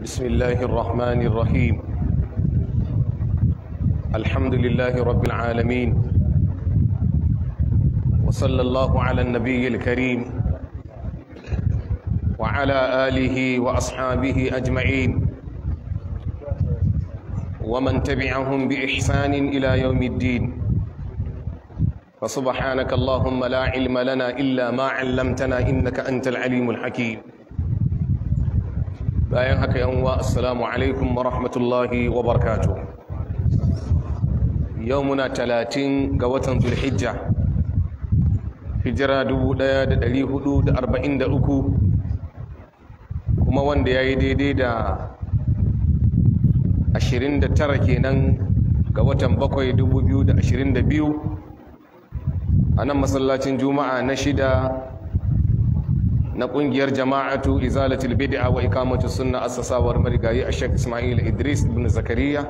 بسم الله الرحمن الرحيم الحمد لله رب العالمين وصلى الله على النبي الكريم وعلى آله وأصحابه أجمعين ومن تبعهم بإحسان إلى يوم الدين فسبحانك اللهم لا علم لنا إلا ما علمتنا إنك أنت العليم الحكيم bayan haka yan assalamu alaikum wa rahmatullahi wa barakatuh yau muna talatin ga watan zulhijja hijira 1443 kuma wanda ya yi daidai da 29 kenan ga watan 7 2022 a nan masallacin juma'a na shida na kungiyar jama'atu izalatul bid'a wa ikamatu sunna assasawar marigayi a shek ismail idris ibn zakariya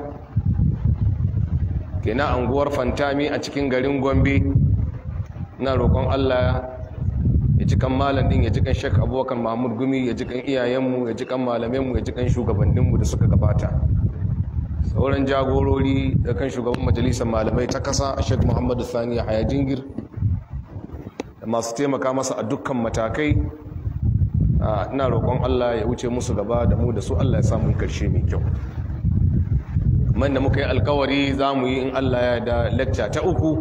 na anguwar fantami a cikin garin gombe na roƙon allah ya ji kan malam din ya ji kan shek abubakar mahmud gumi ya ji kan iyayenmu ya ji kan malamenmu ya ji kan shugabanninmu da suka gabata sauran jagorori da kan shugaban majalisar malamai ta kasa shek muhammadu sani a hayajingir da masu taimaka masa a dukkan matakai ina roƙon Allah ya wuce musu gaba da mu da su Allah ya samu karshe mai kyau man da muka yi alkawari za mu yi in Allah ya da lacca ta uku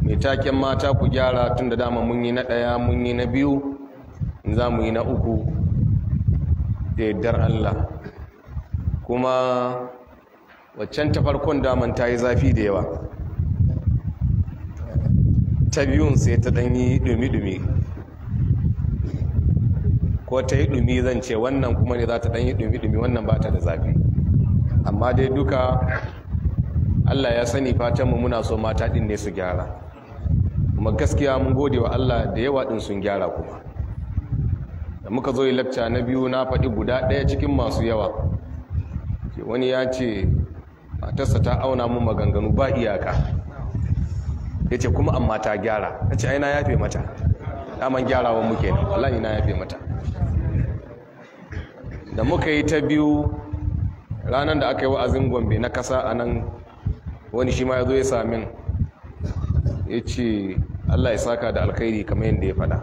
mai taken mata ku gyara tun da dama mun yi na ɗaya mun yi na biyu za mu yi na uku da yaddar Allah kuma waccan ta farkon daman ta yi zafi da yawa ta biyun sai ta ɗanyi ɗumi-ɗumi ko ta yi dumi zan ce wannan kuma ne za ta ɗan yi dumi-dumi wannan ba ta da zafi amma dai duka allah ya sani fatanmu muna so mata ɗin ne su gyara kuma gaskiya mun gode wa allah da yawa din sun gyara kuma da muka zo yi lakca na biyu na faɗi guda ɗaya cikin masu yawa wani ya ce matarsa ta auna mu maganganu ba iyaka ya ce kuma amma ta gyara ya ce aina yafe mata daman gyarawan muke ne wallahi na yafe mata da muka yi ta biyu ranar da aka yi wa'azin gombe na kasa a nan wani shi ma ya zo ya samin ya ce allah ya saka da alkhairi kamar yadda ya fada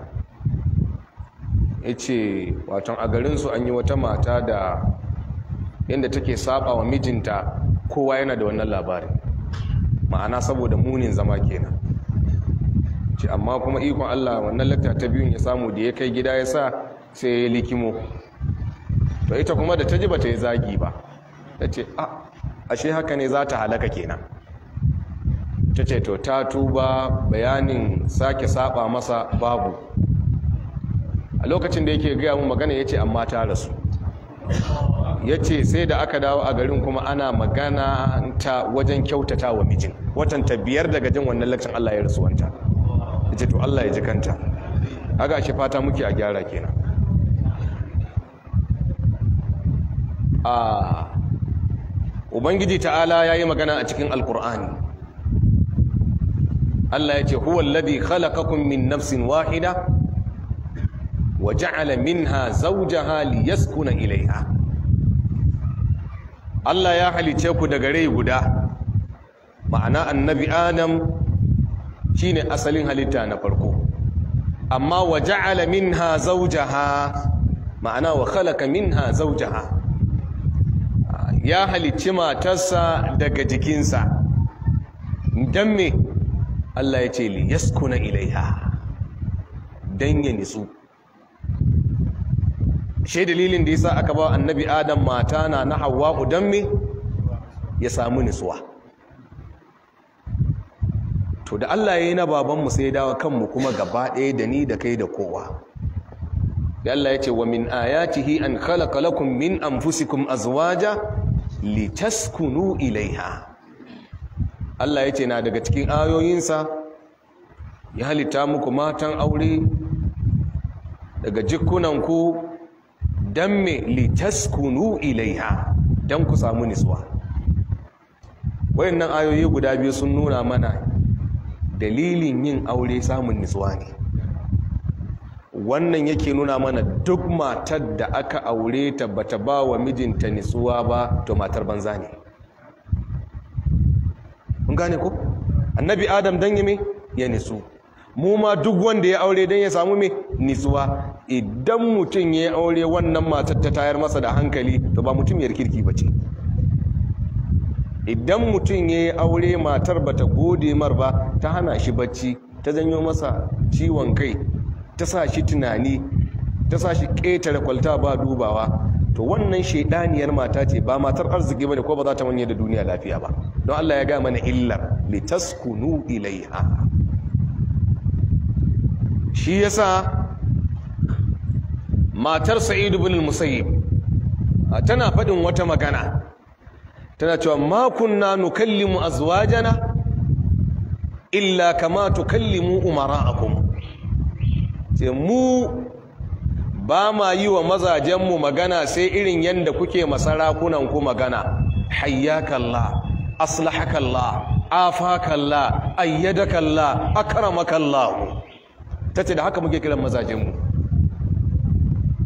ya ce waton a garinsu an yi wata mata da yadda take saba wa mijinta kowa yana da wannan labarin ma'ana saboda munin zama kenan ce amma kuma ikon allah wannan lakta ta biyun ya samu da ya kai gida ya sa sai ya likimo to ita kuma da ta ji ba ta yi zagi ba ta ce a ah, ashe haka ne za ta halaka kenan ta ce to ta tuba bayanin sake saba masa babu a lokacin da yake gaya mun magana ya ce amma ta rasu ya ce sai da aka dawo a garin kuma ana magana ta wajen kyautata wa mijin watan ta biyar daga jin wannan lakcin Allah ya rasuwanta ya ce to Allah ya ji kanta aga shi fata muke a gyara kenan ubangiji ta'ala ya yi magana a cikin alkur'ani Allah ya ce huwa alladhi khalaqakum min nafsin wahida wa ja'ala minha zawjaha liyaskuna ilayha Allah ya halice ku daga rai guda ma'ana annabi Adam shine asalin halitta na farko amma wa ja'ala minha zawjaha ma'ana wa khalaqa minha zawjaha ya halicci matarsa daga jikinsa don me Allah ya ce li yaskuna ilaiha don ya nitsu shi dalilin da yasa aka ba annabi adam mata na na hawa'u don me ya samu nitsuwa to da Allah ya yi na babanmu sai dawa kanmu kuma gaba ɗaya da ni da kai da kowa Allah ya ce wa min ayatihi an khalaqa lakum min anfusikum azwaja litaskunu ilaiha Allah ya ce na daga cikin ayoyinsa ya halitta muku matan aure daga jikunanku don me litaskunu ilaiha don ku samu nisuwa wayannan ayoyi guda biyu sun nuna mana dalilin yin aure samun nisuwa ne wannan yake nuna mana duk matar da aka aure ta bata ba wa mijinta nitsuwa ba to matar banza ne mun gane ku? annabi adam dan yame ya nitsu mu ma duk wanda ya aure dan ya samu me nitsuwa idan mutum ya aure wannan matar ta tayar masa da hankali to ba mutumiyar kirki ba ce idan mutum ya yi aure matar bata gode mar ba ta hana shi bacci ta janyo masa ciwon kai ta sa shi tunani ta sa shi ƙetare kwalta ba dubawa to wannan shaidaniyar mata ce ba matar arziki bane ko ba za ta manye da duniya lafiya ba don Allah ya ga mana illar litaskunu ilaiha shi yasa matar Sa'id ibn al-Musayyib tana fadin wata magana tana cewa ma kunna nukallimu azwajana illa kama tukallimu umara'akum sai mu ba ma yi wa mazajenmu magana sai irin yadda kuke masarakunanku magana hayyakalla aslahakalla afakalla ayyadakalla akramakallahu ta ce da haka muke kiran mazajenmu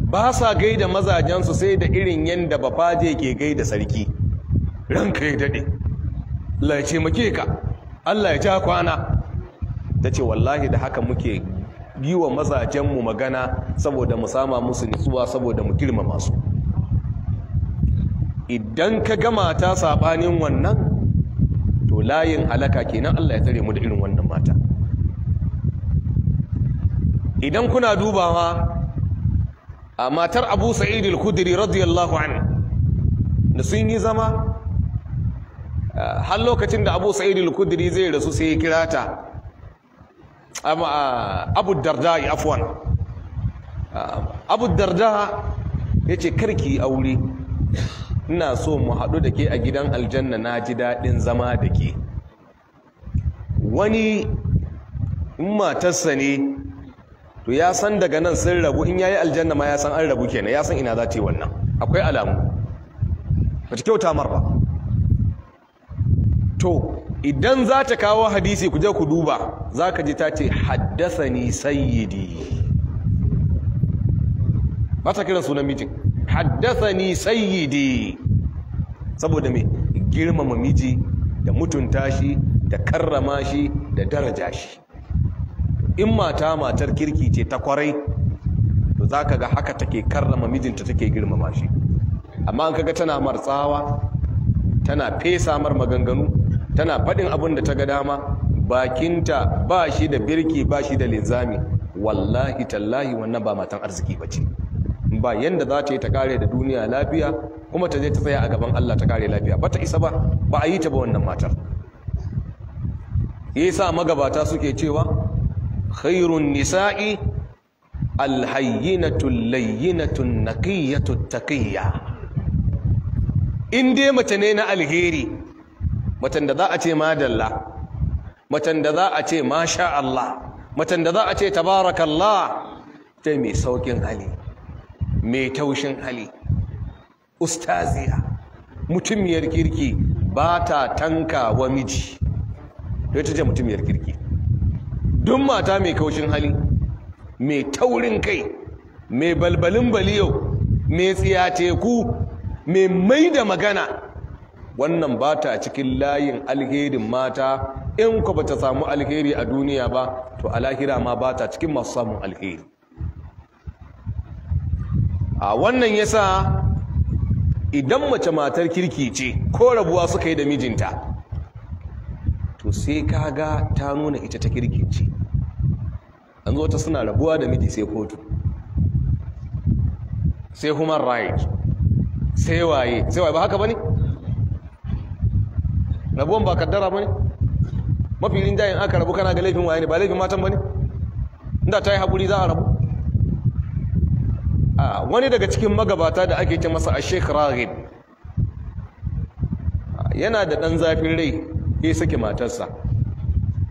ba sa gaida mazajensu sai da irin yadda bafaje ke gaida sarki ranka ya daɗe laice muke ka Allah ya ja kwana ta ce wallahi da haka muke yi wa mazajenmu magana saboda mu sama musu nitsuwa saboda mu girmama su idan ka gama ta sabanin wannan to layin halaka kenan Allah ya tare mu da irin wannan mata idan kuna dubawa a matar Abu sa'idul kudiri radiyallahu anhu da sun yi zama har lokacin da Abu sa'idul kudiri zai rasu sai ya kira ta Uh, abu darda afuwan uh, abu darda ya ce karki aure ina so mu haɗu da ke a gidan aljanna na ji daɗin zama da ke wani in matarsa ne to ya san daga nan sun rabu in ya yi aljanna ma ya san an rabu kenan ya san ina za ta wannan akwai alamu ba ta kyauta mar ba to idan za ta kawo hadisi ku je ku duba za ka ji ta ce haddasani sayyidi ba ta kiran sunan mijin haddasa ni sayyidi saboda mai girmama miji da mutunta shi da karrama shi da daraja shi in mata matar kirki ce ta kwarai to za ka ga haka take karrama mijinta take girmama shi amma an kaga tana martsawa tana fesa mar maganganu tana faɗin abin da ta ga dama bakinta ba shi da birki ba shi da linzami wallahi tallahi wannan ba matan arziki ba ce ba yanda za ta yi ta kare da duniya lafiya kuma ta je ta tsaya a gaban Allah ta kare lafiya ba ta isa ba ba a yi ta ba wannan matar Ya sa magabata suke cewa khairun nisa'i alhayyinatun layyinatun naqiyatu taqiyya in dai mace ne na alheri Matan da za a ce madalla matan da za a ce masha Allah matan da za a ce tabarakallah ta mai saukin hali mai taushin hali ustaziya mutumiyar kirki ba ta tanka wa miji da ta ce mutumiyar kirki duk mata mai kaushin hali mai taurin kai mai balbalin baliyo mai tsiyateku mai mai da magana wannan ba ta cikin layin alherin mata in ku ba ta samu alheri a duniya ba to alahira ma ba ta cikin masu samun alheri a wannan ya sa, idan mace matar kirki ce ko rabuwa suka yi da mijinta to sai kaga ta nuna ita ta kirki ce an zo ta suna rabuwa da miji sai kotu sai human right sai waye sai waye ba haka ba ne? rabuwan ba kaddara ba ne mafi rinjayen aka rabu kana ga laifin waye ne ba laifin matan ba ne inda ta yi haƙuri za a rabu wani daga cikin magabata da ake ce masa a sheik raghib yana da ɗan zafin rai ya sake matarsa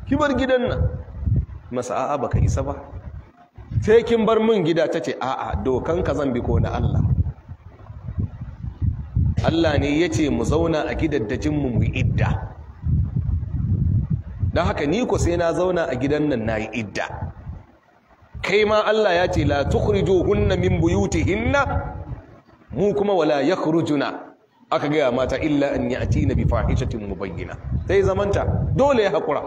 kibar gidan nan masa a'a ba ka isa ba sai kin bar min gida ta ce a'a dokan ka zan bi ko na Allah Allah ne ya ce mu zauna a gidaddajinmu mu yi idda don haka ni ku sai na zauna a gidan nan na yi idda kai ma Allah ya ce la tukhrijo hunna min hinna? mu kuma wala ya yakhrujuna aka gaya mata illa an ya'tina bi mu bayyana sai zamanta dole ya hakura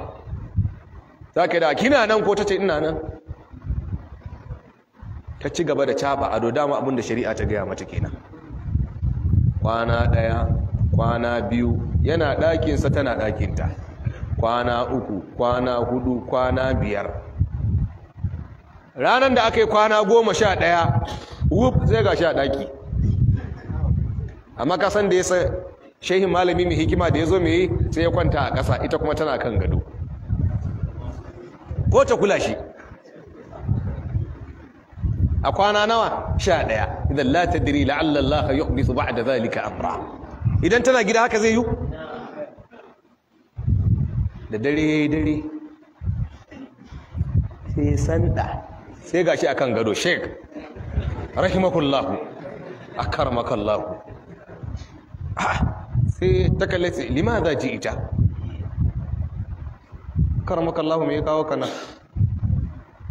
zaka da kina nan ko ta ce ina nan ta ci gaba da caba a dama abinda shari'a ta gaya mata kenan kwana ɗaya kwana biyu yana ɗakinsa tana ɗakinta kwana uku kwana hudu kwana biyar ranar da aka yi kwana goma sha ɗaya wuf zai ga sha ɗaki amma kasan da ya sa shehin malami mai hikima da ya zo mai sai ya kwanta a ƙasa ita kuma tana kan gado ko ta kula shi a kwana nawa sha ɗaya idan la ta diri tadri la'alla Allah yuhdithu da zalika amra idan tana gida haka zai yi da dare ya yi dare sai sanda sai ga a akan gado sheik rahimakullah akarmakallah ah, sai ta kalle sai limadha ji'ita akarmakallah me mai kawo kana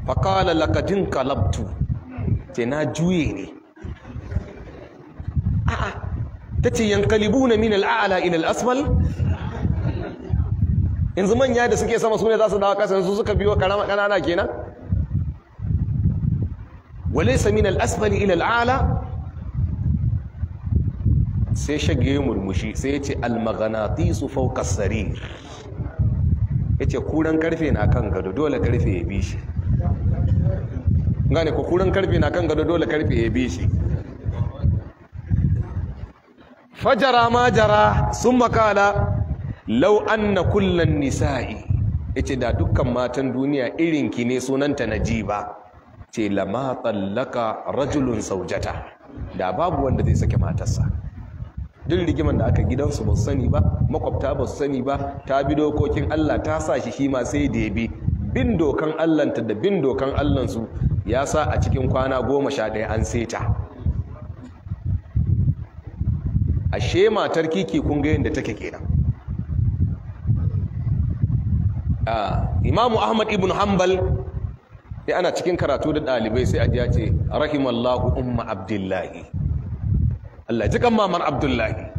faqala laqad labtu. ce na juye ne a'a ta ce yankalibuna min al'ala ila al'asmal yanzu manya da suke sama sune za su dawo kasa su suka biyo karama kanana kenan sa min al'asfali ila al'ala sai shage murmushi sai yace almaganati su fawqa as Ya yace kuran karfe na kan gado dole karfe ya bi gane ko kurin karfe na kan gado dole karfe ya bi shi fajara ma jara sun makala lau na kullun nisa'i ce da dukkan matan duniya irinki ne sunanta na ji ba, ce lama tsallaka rajulun saujata da babu wanda zai sake matarsa duk rigiman da aka gidansu ba su sani ba makwabta ba sani ba ta bi dokokin Allah ta sa shi shi ma sai da ya bi bin dokan Allahnta da bin dokan Allahnsu ya sa a cikin kwana goma sha ɗaya an seta ashe matar kiki kungayen da take kenan imamu ahmad ibn hanbal ya ana cikin karatu da ɗalibai sai ajiya ce rahimallahu umma abdullahi Allah ji kan mamar abdullahi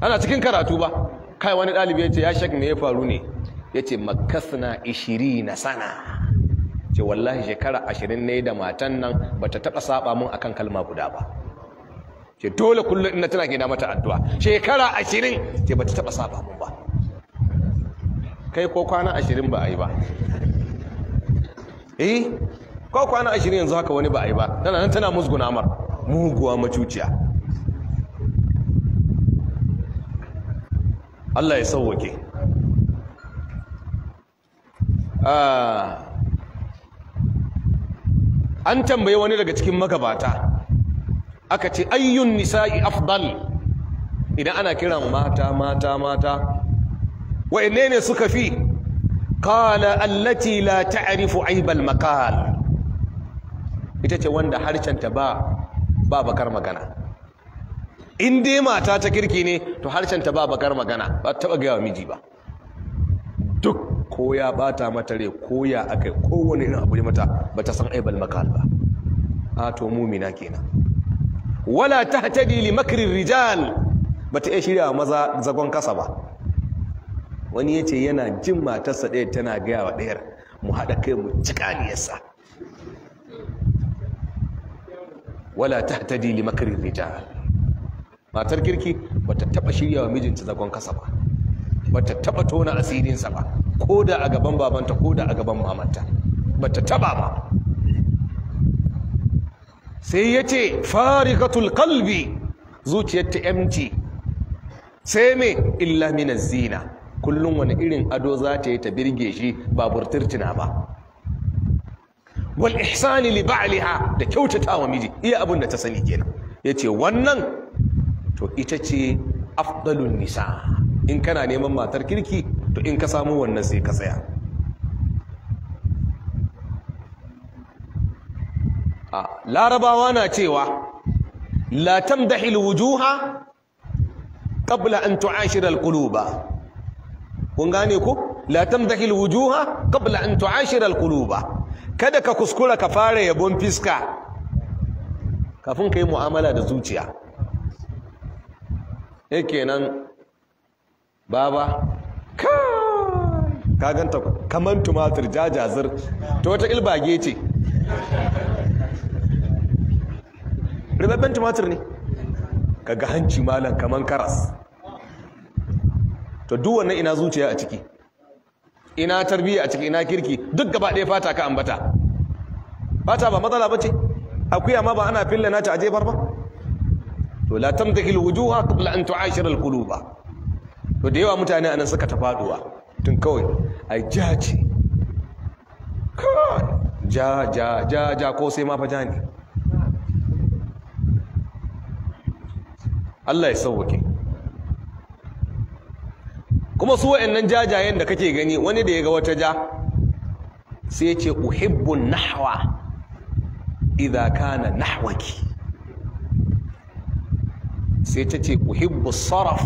ana cikin karatu ba kai wani ɗalibai ya ce ya shak me ya faru ne ya ce makasna ishiri na sana ce wallahi shekara ashirin ne da matan nan ba ta taɓa saba mun akan kalma guda ba ce dole kullum ina tana gina mata addu'a shekara ashirin ce ba ta taɓa saba mun ba kai ko kwana ashirin ba a yi ba eh ko kwana ashirin yanzu haka wani ba a yi ba tana nan tana musguna mar muguwa macuciya Allah ya sauwake ah an tambaye wani daga cikin magabata aka ce ayyun nisa'i afdal idan ana kiran mata mata mata wa'anne ne suka fi qala allati la ta'rifu aibal maqal ita ce wanda ta ba ba bakar magana in dai mata ta kirki ne to ta ba bakar magana ba taba ga miji ba duk ko ya bata mata rai ko ya akai kowane irin abu mata ba ta san aibal makal ba a to mumina kenan wala tahtadi li makrir rijal bata iya shirya maza zagon kasa ba wani yace yana jin matarsa ɗaya tana gaya wa ɗayar mu haɗa kai mu niyarsa wala tahtadi li makrir rijal matar kirki ta taba shirya wa mijinta zagon kasa ba Ba ta taba tona asirinsa ba ko da a gaban babanta ko da a gaban mamanta ba ta taba ba sai ya ce farikatul kalbi zuciyar ta yamci sai mai illa zina kullum wani irin ado za ta yi ta birge shi babur burturtuna ba wal ihsani li ba'liha da kyautata wa miji iya abin da ta sani kenan yace wannan to ita ce afdalun nisa in kana neman matar kirki to in ka samu wannan sai ka tsaya larabawa na cewa la tamdahil wujuha qabla an tu'ashira kuluba. kun gane ko la tamdahil wujuha qabla an tu'ashira kuluba. kada ka kuskura ka fara yabon fiska kafin ka yi mu'amala da zuciya yake nan baba ka ganta kaman tumatir jajazir ta wata ilbage ce ribabben tumatir ne kaga hanci malam kaman karas to duk wannan ina zuciya a ciki ina tarbiyya a ciki ina kirki duk gaba ɗaya fata ka ambata fata ba matsala ba ce akuya ma ba ana filla nata a jefar ba to la tamtakil wujuha qabla an tu'ashira al-quluba to da yawa mutane nan suka ta faduwa tun kawai ai ja ce ja ja ja ja ko sai ma fa ja ne Allah ya sauwake kuma su wa'annan jajayen da kake gani wani da ya ga wata ja sai ce uhibbun nahwa idza kana nahwaki sai ta ce uhibbu saraf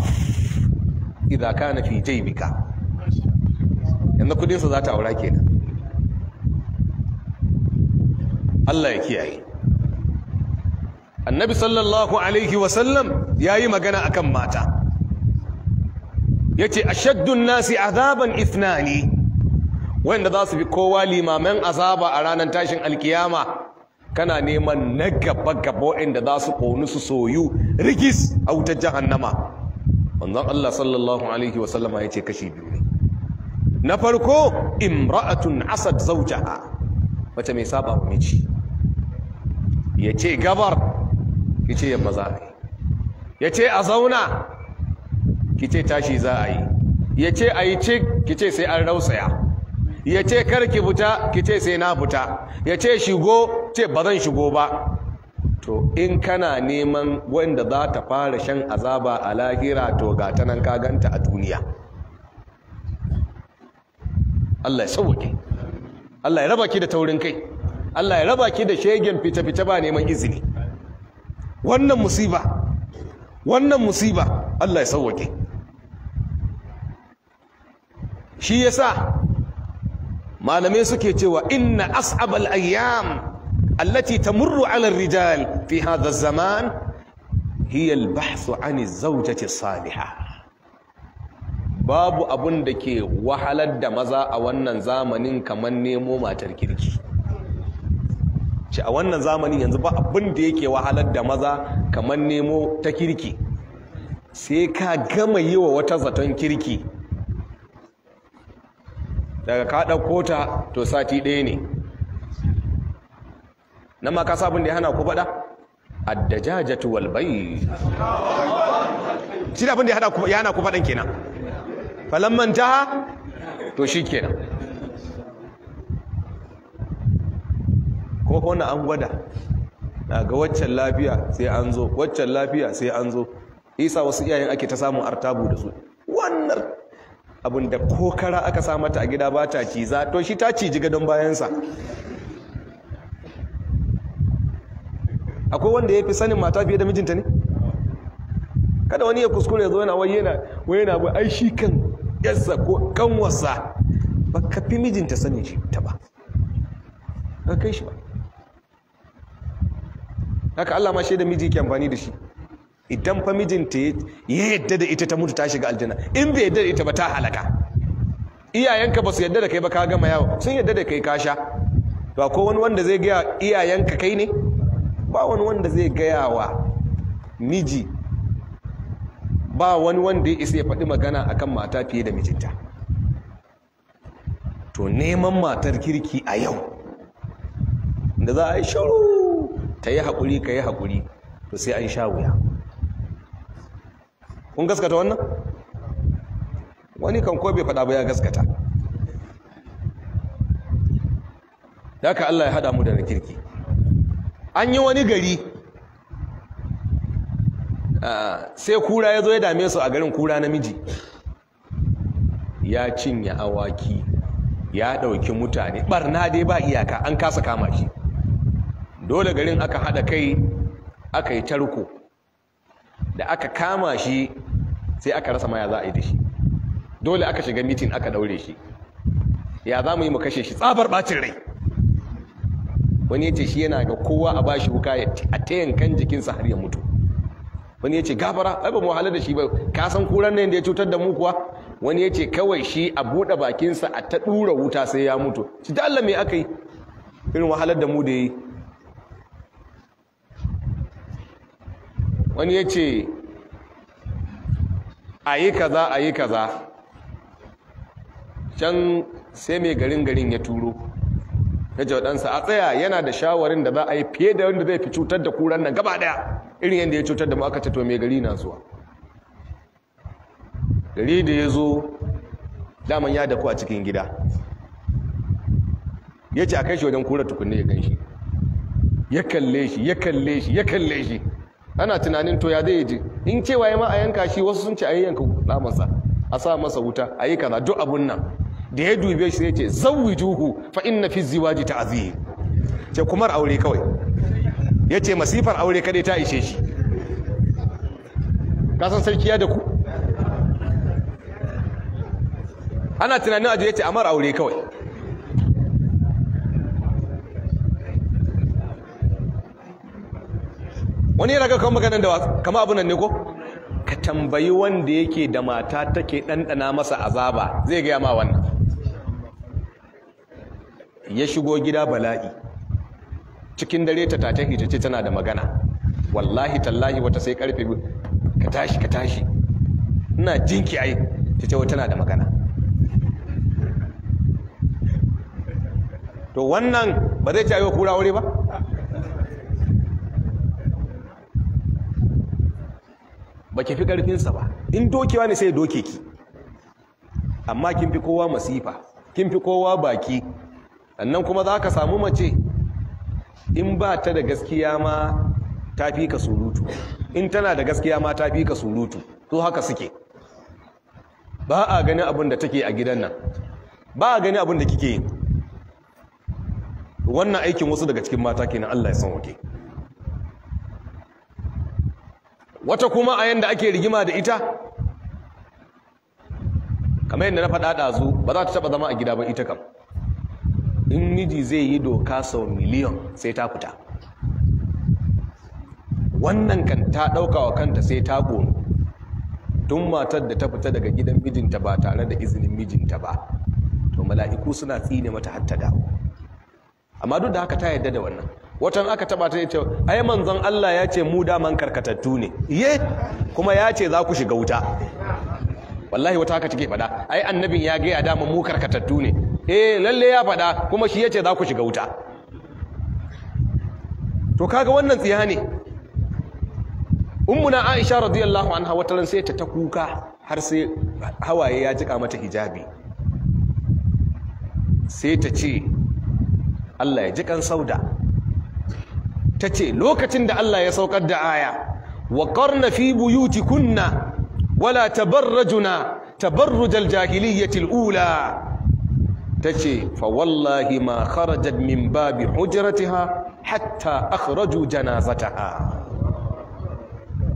idza kana fi jaybika bika. kudin su za ta aura kenan Allah ya kiyaye annabi sallallahu alaihi wasallam yayi magana akan mata yace ashaddun nasi azaban ithnani wanda za su bi kowa limaman azaba a ranar tashin alkiyama kana neman na gaba gaba wa'anda za su ƙonu su soyu rigis a wutar jahannama manzon Allah sallallahu alaihi wasallama ya ce kashi biyu ne na farko imra'atun asad zawjaha wata mai saba wa miji ya ce gabar ki ce yamma za a yi ya ce a zauna ki ce tashi za a yi ya ce a yi cik ki ce sai an rausaya ya ce kar ki fita ki ce sai na fita ya ce shigo ce ba zan shigo ba to in kana neman wanda za ta fara shan azaba a lahira to ga ta nan kaganta a duniya Allah ya tsawoke Allah ya raba ki da taurin kai Allah ya raba ki da shegen fita-fita ba neman izini wannan musiba wannan musiba Allah ya tsawoke shi ya sa malamai suke cewa inna as'abal ayyam التي تمر على الرجال في هذا الزمان هي البحث عن الزوجة الصالحة babu abun da ke wahalar da maza a wannan zamanin kamar nemo matar kirki ce a wannan zamanin yanzu ba abun da yake wahalar da maza kamar nemo ta kirki sai ka gama yi wa wata zaton kirki daga ka ta to sati ɗaya ne nan ma ka sabon da ya hana ku faɗa addajajatu wal bayy shi abin da ya ku hana ku faɗan kenan falamman jaha to shi kenan kuma wannan an gwada na ga waccan lafiya sai an zo waccan lafiya sai an zo isa wasu iyayen ake ta samun artabu da su wannan abin da kokara aka samata a gida ba ta ciza to shi ta ciji gadon bayansa akwai wanda ya fi sanin mata fiye da mijinta ne kada wani ya kuskure zo yana wai yana wai ai shi kan yarsa ko kanwarsa ba ka fi mijinta sanin shi ta ba ba kai shi ba haka Allah ma shi da miji ke amfani da shi idan fa mijinta ya yadda da ita ta mutu ta shiga aljanna in bai yadda da ita ba ta halaka iyayenka ba su yadda da kai ba ka gama yawo sun yadda da kai ka sha ba ko wani wanda zai gaya iyayenka kai ne ba wani wanda zai gaya wa miji ba wani wanda ya isa ya faɗi magana a kan mata fiye da mijinta to neman matar kirki a yau da za a yi shuru ta yi haƙuri ka yi haƙuri to sai an sha wuya kun gaskata wannan wani kan ko bai faɗa ba ya gaskata da ka Allah ya haɗa mu da na kirki an yi wani gari sai kura ya zo ya dame su a garin kura namiji ya cinye awaki ya ɗauki mutane barna dai ba iyaka an kasa kama shi dole garin aka haɗa kai aka yi tarko da aka kama shi sai aka rasa maya za a yi da shi dole aka shiga mitin aka ɗaure shi ya za mu yi mu kashe shi tsabar ɓacin rai wani ya ce shi yana ga kowa a bashi wuka a ta yankan jikinsa har ya mutu wani ya ce gafara ai ba mu wahala da shi ba ka san kuran nan da ya cutar da mu kuwa wani ya ce kawai shi a buɗe bakinsa a ta ɗura wuta sai ya mutu shi da Allah me aka yi irin wahalar da mu da yi wani ya ce a yi kaza a yi kaza can sai mai garin garin ya turo ya ce waɗansa a tsaya yana da shawarin da za a yi fiye da wanda zai fi cutar da kuran nan gaba ɗaya irin yadda ya cutar da mu aka ce to mai gari na zuwa gari da ya zo daman ya dako a cikin gida ya ce a kai shi wajen kura tukunne ya ganshi ya kalle shi ya kalle shi ya kalle shi ana tunanin to ya zai ji in cewa ya ma a yanka shi wasu sun ce a yi yanka namansa a sa masa wuta a yi kaza duk abun nan da ya dube shi ya ce zawwijuhu fa inna fi ziwaji ta'zihi ce kumar aure kawai ya ce masifar aure kadai ta ishe shi ka san sarki ya da ku ana tunanin aje ya ce amar aure kawai wani yana ga kawo maganin da wasu kama nan ne ko? ka tambayi wanda yake da mata take dandana masa azaba zai gaya ma wannan ya shigo gida bala'i cikin dare ta tata hijace tana da magana wallahi tallahi wata sai karfe ka tashi ka tashi ina jinki ai ta ce tana da magana to wannan ba zai cayo kura wuri ba ba ke fi ƙarfinsa ba in dokewa ne sai doke ki amma kin fi kowa masifa kin fi kowa baki annan kuma za ka samu mace in ba ta da gaskiya ma ta fi ka surutu in tana da gaskiya ma ta fi ka surutu to haka suke ba a gani abin da take a gidan nan ba a gani abin da kike yi wannan aikin wasu daga cikin mata kenan Allah ya san wake wata kuma a yanda ake rigima da ita kamar yadda na faɗa zu, ba za ta taɓa zama a gida ba ita kam in miji zai yi doka sau miliyon sai ta fita wannan kan ta ɗauka wa kanta sai ta gomi. tun matar da ta fita daga gidan mijinta ba tare da izinin mijinta ba to mala'iku suna tsine mata hatta da amma duk da haka ta yarda da wannan watan aka taba ta yace ai manzon Allah ya ce mu daman karkatattu ne ye kuma ya ce za ku shiga wuta wallahi wata haka take fada ai annabin ya ga ya dama mu karkatattu ne eh lalle ya faɗa kuma shi yace za ku shiga wuta to kaga wannan tsiya ne ummuna aisha radiyallahu anha wata ran sai ta ta kuka har sai hawaye ya jika mata hijabi sai ta ce Allah ya jikan sauda ta ce lokacin da Allah ya saukar da aya wa qarna fi buyutikunna wala tabarrajuna tabarrujal jahiliyyatil ula tace fa wallahi ma kharajat min babi hujratiha hatta akhraju janazataha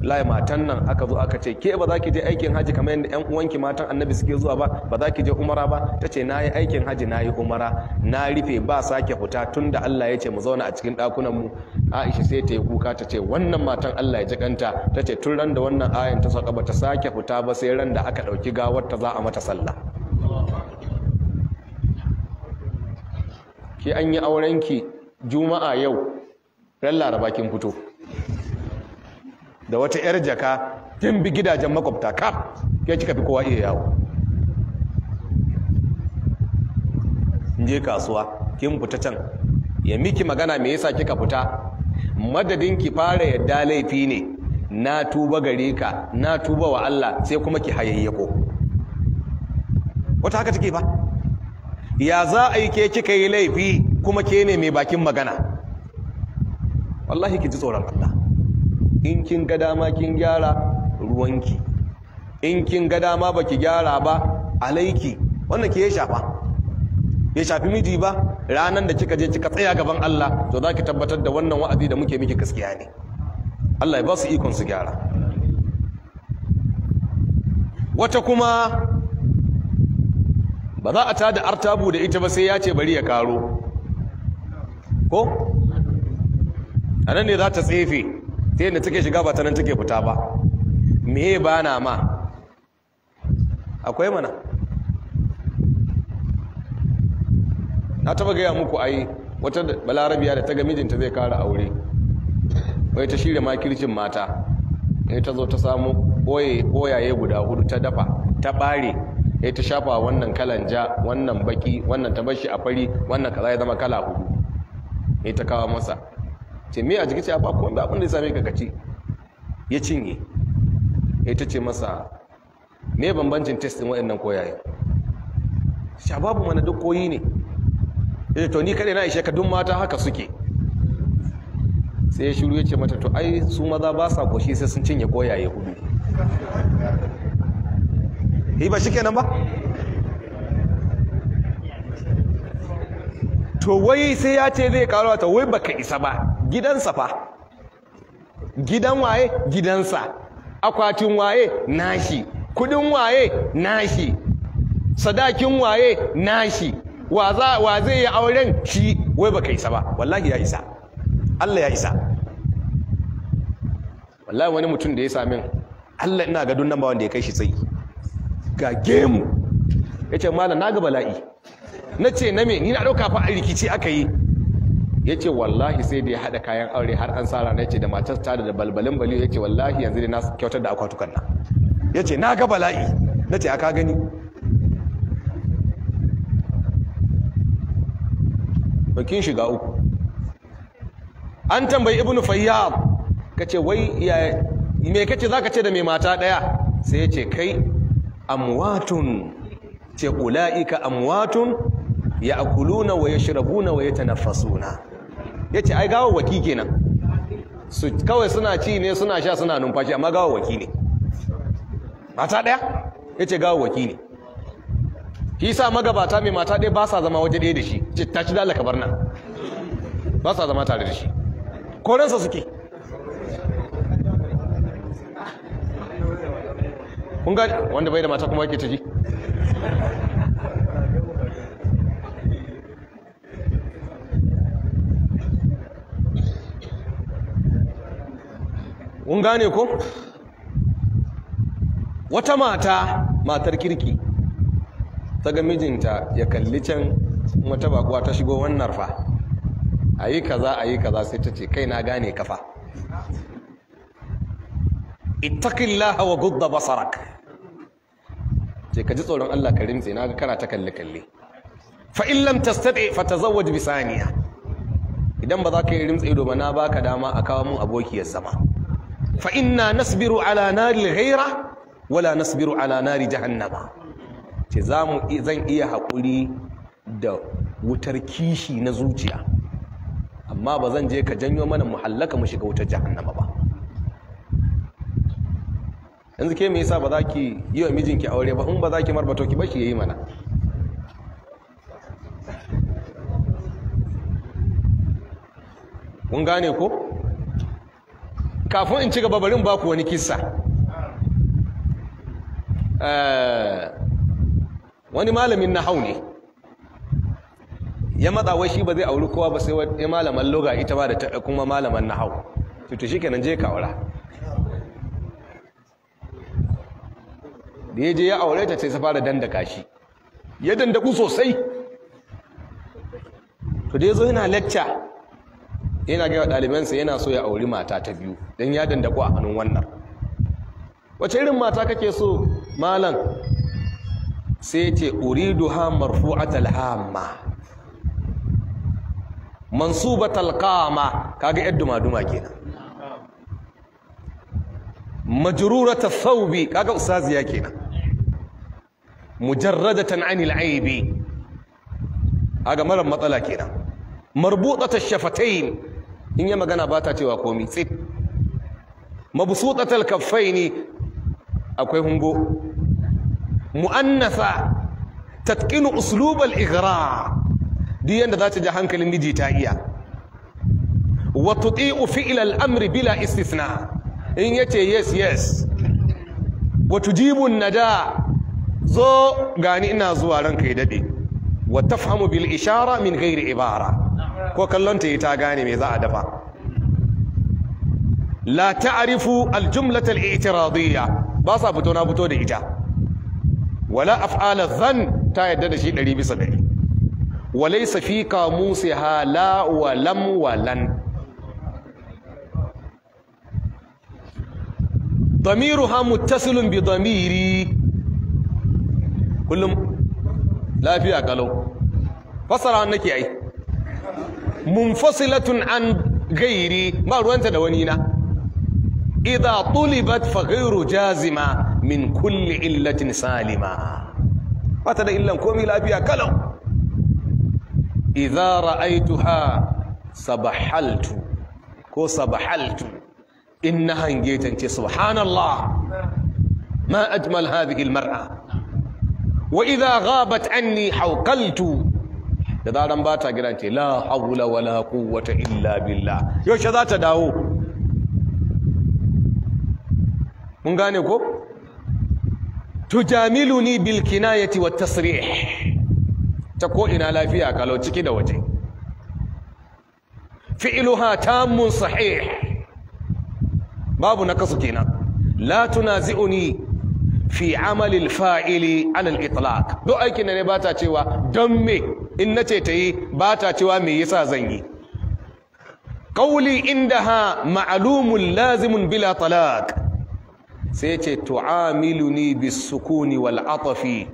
lai matan nan aka zo aka ce ke ba za ki je aikin haji kamar yadda yan uwanki matan annabi suke zuwa ba ba za ki je umara ba ta ce na yi aikin haji na yi umara na rufe ba sake fita tunda allah ya ce mu zauna a cikin mu. aisha sai ta yi kuka ta ce wannan matan allah ya jikanta ta ce tun ran da wannan ayan ta sauka ba ta sake fita ba sai ran da aka ɗauki gawar ta za a mata sallah ke an yi aurenki juma'a yau ran laraba kin fito da wata 'yar jaka kin bi gidajen makwabta ka ke kika fi kowa iya yawo je kasuwa kin fita can ya miki magana me yasa kika fita madadin ki fara yadda laifi ne na tuba gare ka na tuba wa Allah sai kuma ki hayayyako wata haka take ba ya za a yi ke kika yi laifi kuma ke ne mai bakin magana wallahi ki ji tsoron Allah in kin ga dama kin gyara ruwanki in kin ga dama baki gyara ba alaiki wannan ke ya shafa ya shafi miji ba Ranar da kika je kika tsaya gaban Allah to zaki tabbatar da wannan wa'azi da muke miki gaskiya ne Allah ya ba su ikon su gyara wata kuma ba za a tada artabu da ita ba sai ya ce bari ya karo ko a nan ne za ta tsefe ta yadda take shiga ba ta nan take fita ba me ba na ma akwai mana na taba gaya muku ai wata balarabiya da ta ga mijinta zai kara aure wai ta shirya makircin mata ya ta zo ta samu koyaye guda hudu ta dafa ta ɓare. ya ta shafa wannan kalan ja wannan baki wannan ta bashi a fari wannan kaza ya zama kala hudu ya ta kawo masa ce me a jiki ce ba kuma abin da ya same ka kaci ya cinye ya ta ce masa me bambancin test din waɗannan koyaye shababu mana duk koyi ne ya to ni kare na ishe ka duk mata haka suke sai ya shiru ya ce mata to ai su maza ba sa koshi sai sun cinye koyaye hudu yi ba kenan ba to wai sai ya ce zai karo ta wai baka isa ba gidansa fa gidan waye gidansa akwatin waye nashi kudin waye nashi sadakin waye nashi wa zai yi auren shi wai baka isa ba wallahi ya isa Allah ya isa wallahi wani mutum da ya samin Allah ina ga dunnan ba wanda ya kai shi tsayi ga gemu ya ce malam na ga bala'i na ce na me ni na ɗauka fa a rikici aka yi ya ce wallahi sai da ya haɗa kayan aure har an tsara na ya ce da matar ta da balbalin bali ya ce wallahi yanzu ne na kyautar da akwatukan nan ya ce na ga bala'i na ce aka gani bakin shiga uku an tambayi ibnu fayyab ka ce wai me kace zaka ce da mai mata daya sai ya ce kai amwatun ce ula'ika amwatun ya akuluna wa ya shirabuna wa ya tanafasuna ya ce ai gawawaki kenan su kawai suna ci ne suna sha suna numfashi amma waki ne mata ɗaya ya ce waki ne shi sa magabata mai mata ɗaya ba sa zama waje ɗaya da shi ce ta ci dalaka barna ba sa zama tare da shi korensa suke kun gani wanda bai da mata kuma yake taji kun gane ko wata mata matar kirki ta ga mijinta ya kalli can wata bakuwa ta shigo wannan fa a yi kaza a yi kaza sai ta ce kai na gane kafa laha wa gudda basarak Sai ka ji tsoron Allah ka rimtse na ga kana ta kalle kalle fa in lam tastati fa tazawwaj bi saniya idan ba za ka yi rimtse ido ba na baka dama a kawo mun abokiyar sama. fa inna nasbiru ala nari ghaira wala nasbiru ala nari jahannama ce zamu zan iya hakuri da wutar kishi na zuciya amma ba zan je ka janyo mana mu hallaka mu shiga wutar jahannama ba yanzu ke me yasa ba za ki yi wa mijinki aure ba in ba za ki marbato ki bashi yi mana kun gane ko kafin in ci gaba barin baku wani kisa eh, wani malamin na haune ya matsa wai shi ba zai auri kowa ba sai wani malaman loga ita ba da kuma malaman na hau tuto shi kenan je ka aura da ya je ya aure ta sai ta fara dandaka shi ya dandaku sosai to da ya zo yana lecture yana gaya ɗalibansa yana so ya auri mata ta biyu don ya dandaku a hannun wannan wace irin mata kake so malam sai ce uridu ha marfu'atal hamma mansubatal qama kaga yar duma-duma kenan majrurata thawbi kaga usaziya kenan mujarradatan anil aibi a ga matsala kenan marbutata shafatain in ya magana ba cewa komi tsit mabsutatal kaffaini akwai humbo mu'annasa Tatƙinu uslubal igra duk yanda za ta ji hankalin miji ta iya wa tuti'u fi'l al-amri bila istisna in yace yes yes wa tujibu da. zo gani ina zuwa ranka ya daɗe wa bil ishara min ghairi ibara ko kallon ta yi ta gane me za a dafa la ta'rifu al jumlata al ba sa fito na fito da ita wala af'al zan ta yadda da shi 100 bisa 100 walaysa fi qamusiha la wa lam wa lan ضميرها bi بضميري kullum lafiya kalau fasara nake ai munfasilatun an gairi ba ruwanta da wani na idza tulibat fa ghairu jazima min kulli illatin salima bata da illan komai lafiya kalau idza ra'aituha sabahaltu ko sabahaltu inna hangeta ce subhanallah ma ajmal hadhihi almar'a wa idha ghabat anni hawqaltu da zaran ba ta gidan ce la wala quwwata illa billah yaushe za ta dawo mun gane ko tujamiluni bil kinayati wat tasrih ta ko ina lafiya kalau ciki da waje fi'luha tammun sahih babu nakasu kenan la tunazi'uni fi amalil fa'ili alal itlaq duk aikin da ne bata cewa don me in nace ta yi bata cewa me yasa zan yi inda ha ma'lumun lazimun bila talaq sai ce tu'amiluni sukuni wal atafi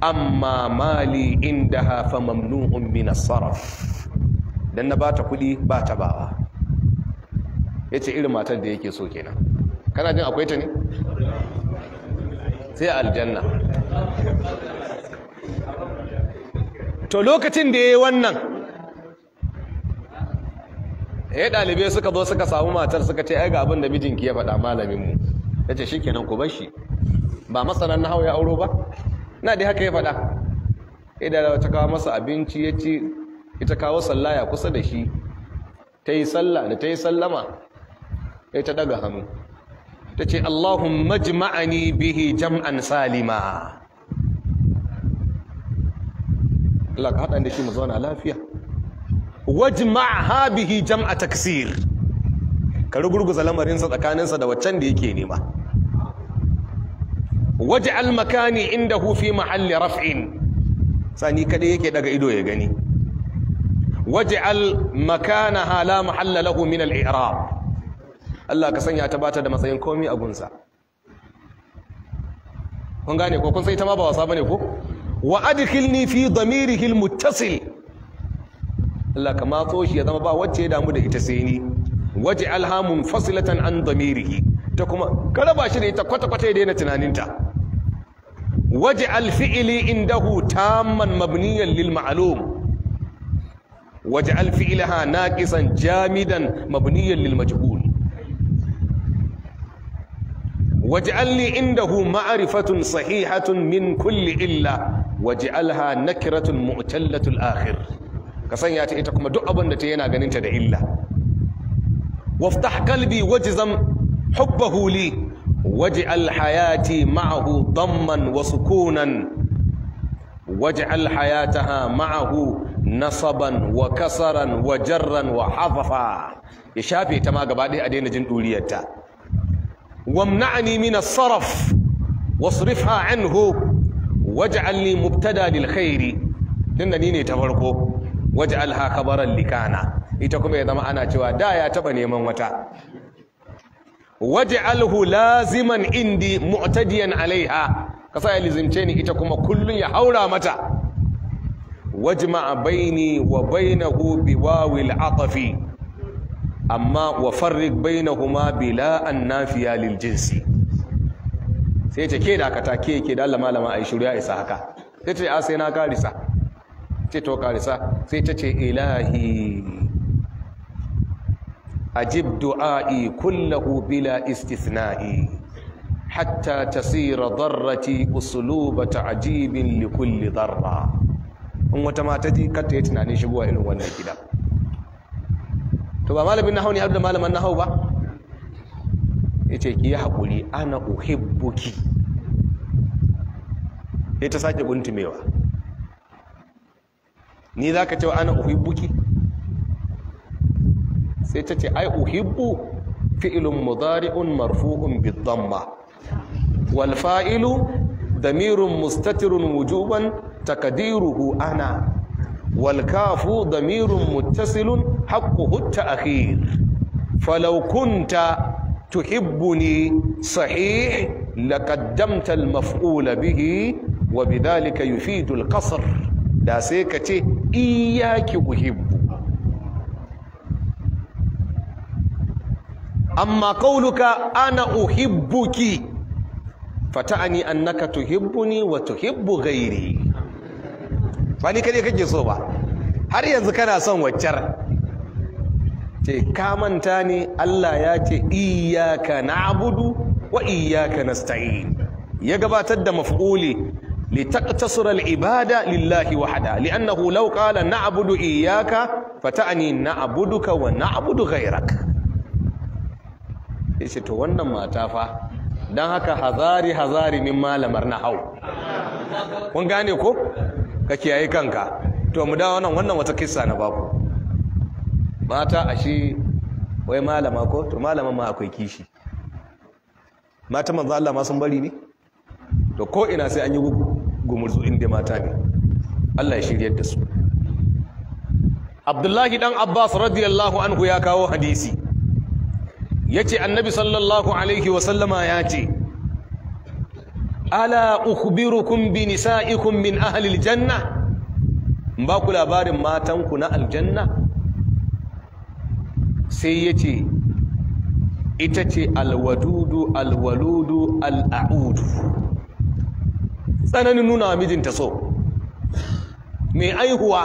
amma mali indaha fa mamnu'un min nasarar. sarf dan na bata kudi ba ta Ya yace irin matar da yake so kenan kana jin akwai ta ne sai aljanna to lokacin da ya yi wannan ya eh, ɗalibai suka zo suka samu matar suka ce ai ga abin da mijinki ya faɗa malaminmu ya ce shi kenan ku bashi ba masanan na hau ya auro ba na dai haka ya faɗa idan ta kawo masa abinci ya ci ita kawo sallaya kusa da shi ta yi da tayi sallama ya ta daga hannu ta ce Allahumma jima'ani bihi jam'an salima Allah ka haɗa da shi mu zauna lafiya wajma'a bihi jam'a taksir ka rugurguza lamarinsa tsakaninsa da waccan da yake nema waj'al makani inda hufi mahalli raf'in sani kada yake daga ido ya gani Waje makanaha la mahalla lahu min al-i'rab Allah ka sanya ta bata da matsayin komai a gunsa kun gane ko kun sai ta ma ba wasa bane ko wa adkhilni fi damirihi almuttasil Allah ka matso shi ya zama ba wacce ya damu da ita sai ni waje alhamun fasilatan an damirihi ta kuma ka raba shi da ita kwata kwata ya daina tunaninta waje alfi'ili indahu tamman mabniyan lil ma'lum وجعل فعلها jamidan جامدا مبنيا للمجهول waj'alni indahu ma'rifatun sahihatun min kulli illa waj'alha nakiratun mu'tallatul akhir ka sanya ta ita kuma duk abin da ta yana ganin ta da illa waftah qalbi wajzam hubbahu li waj'al hayati ma'ahu damman wa sukunan waj'al hayataha ma'ahu nasaban wa kasaran wa jarran wa hafafa ya shafe ta ma gaba ɗaya a daina jin ɗuriyarta وامنعني من الصرف واصرفها عنه واجعل alli مبتدا للخير dinnan ne ta farko waj'alha khabaran likana ita kuma ya zama ana cewa da ya taba neman wata alhu laziman indi mu'tadiyan alaiha kasa ya lizimce ni ita kuma kullun ya haura mata wajma'a baini wa bainahu wawil atafi amma wa farrik bainahuma bila an nafiya lil jinsi sai ce ke da aka ta ke da Allah a ai shirya isa haka sai ce a sai na karisa ce to karisa sai ta ce ilahi ajib du'a'i kullahu bila istisna'i hatta tasira darrati usluba ta'jibin li kulli zarra in wata mata ji kar ta yi tunanin shigowa irin wannan gida to ba malamin nahau ne ya da malaman nahau ba ya ce ki yi haƙuri ana uhibbuki ya ta sake guntumewa ni za ka cewa ana uhibbuki sai ta ce ai uhibbu fi'ilun mudari'un marfu'un bidamma wal fa'ilu damirun mustatirun wujuban takadiruhu ana والكاف ضمير متصل حقه التأخير فلو كنت تحبني صحيح لقدمت المفعول به وبذلك يفيد القصر لا سيكتي إياك أحب أما قولك أنا أحبك فتعني أنك تحبني وتحب غيري Bani ni kadai kake so ba har yanzu kana son waccar ce ka manta ne Allah yace ce iyyaka na'budu wa iyaka nastayi ya gabatar da maf'uli li taqtasira ibada lillahi wahda li'annahu law qala na'budu iyyaka fata'ani na'buduka wa na'budu ghayrak yace to wannan mata fa dan haka hazari hazari min malamar nahau kun gane ko ka kiyaye kanka to mu dawo nan wannan wata kissa na baku mata ashe wai malama ko to malaman ma akwai kishi mata manzo Allah ma sun bari ne to ko ina sai an yi gumurzu inda mata ne Allah ya shiryar da su Abdullahi dan Abbas radiyallahu anhu ya kawo hadisi yace annabi sallallahu alaihi wa sallama ya ce ala ukhbirukum bi nisa'ikum min ahli aljanna ba ku labarin matanku na aljanna sai yace ita ce alwadudu alwaludu al'audu tsananin nuna mijinta so mai aihuwa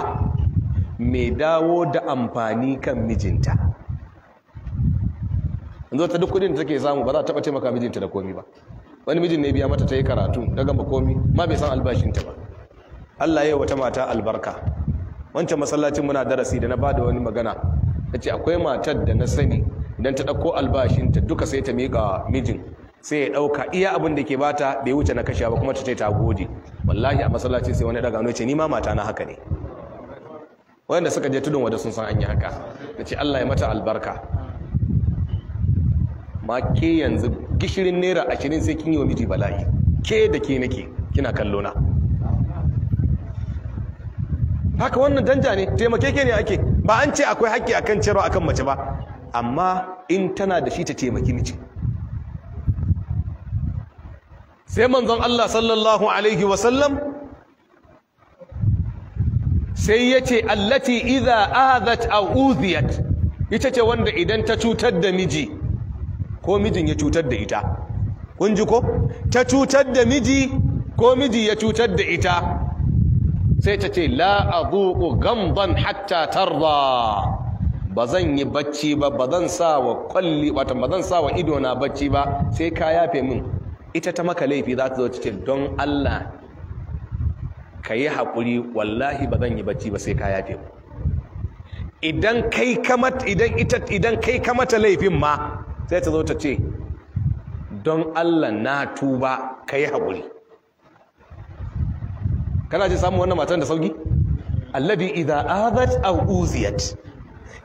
mai dawo da amfani kan mijinta yanzu ta duk kudin da take samu ba za ta taɓa taimaka mijinta da komi ba wani mijin ne biya mata ta yi karatu na gama komi ma bai san albashinta ba Allah ya wata mata albarka wancan masallacin muna darasi da na ba da wani magana ta ce akwai matar da na sani idan ta ɗauko albashinta duka sai ta miƙa mijin sai ya ɗauka iya abin da ke bata bai wuce na kashe ba kuma ta ce ta gode wallahi a masallacin sai wani ɗaga ce ni ma mata na haka ne wanda suka je tudun wada sun san an yi haka ta ce Allah ya mata albarka amma ke yanzu gishirin naira ashirin sai kin yi wa miji bala'i ke da ke nake kina kallo na haka wannan danja ne taimake ke ne ake ba an ce akwai haƙƙi akan ciyarwa akan mace ba amma in tana da shi ta taimaki miji sai manzon Allah sallallahu alaihi wasallam sai ya ce allati idha ahadat aw udhiyat ita ce wanda idan ta cutar da miji ko mijin ya cutar da ita kun ji ko ta cutar da miji ko miji ya cutar da ita sai ta ce la azuqu gamdan hatta tarda ba zan yi bacci ba ba zan sa wa kwalli ba sa wa ido na bacci ba sai ka yafe min ita ta maka laifi za ta zo ta ce don Allah ka yi haƙuri wallahi ba zan yi bacci ba sai ka yafe idan kai kamata idan kai ka mata laifin ma sai ta zo ta ce don Allah na tuba ka yi haƙuri kana ce samun wannan matan da sauki allabi idza azat aw uziyat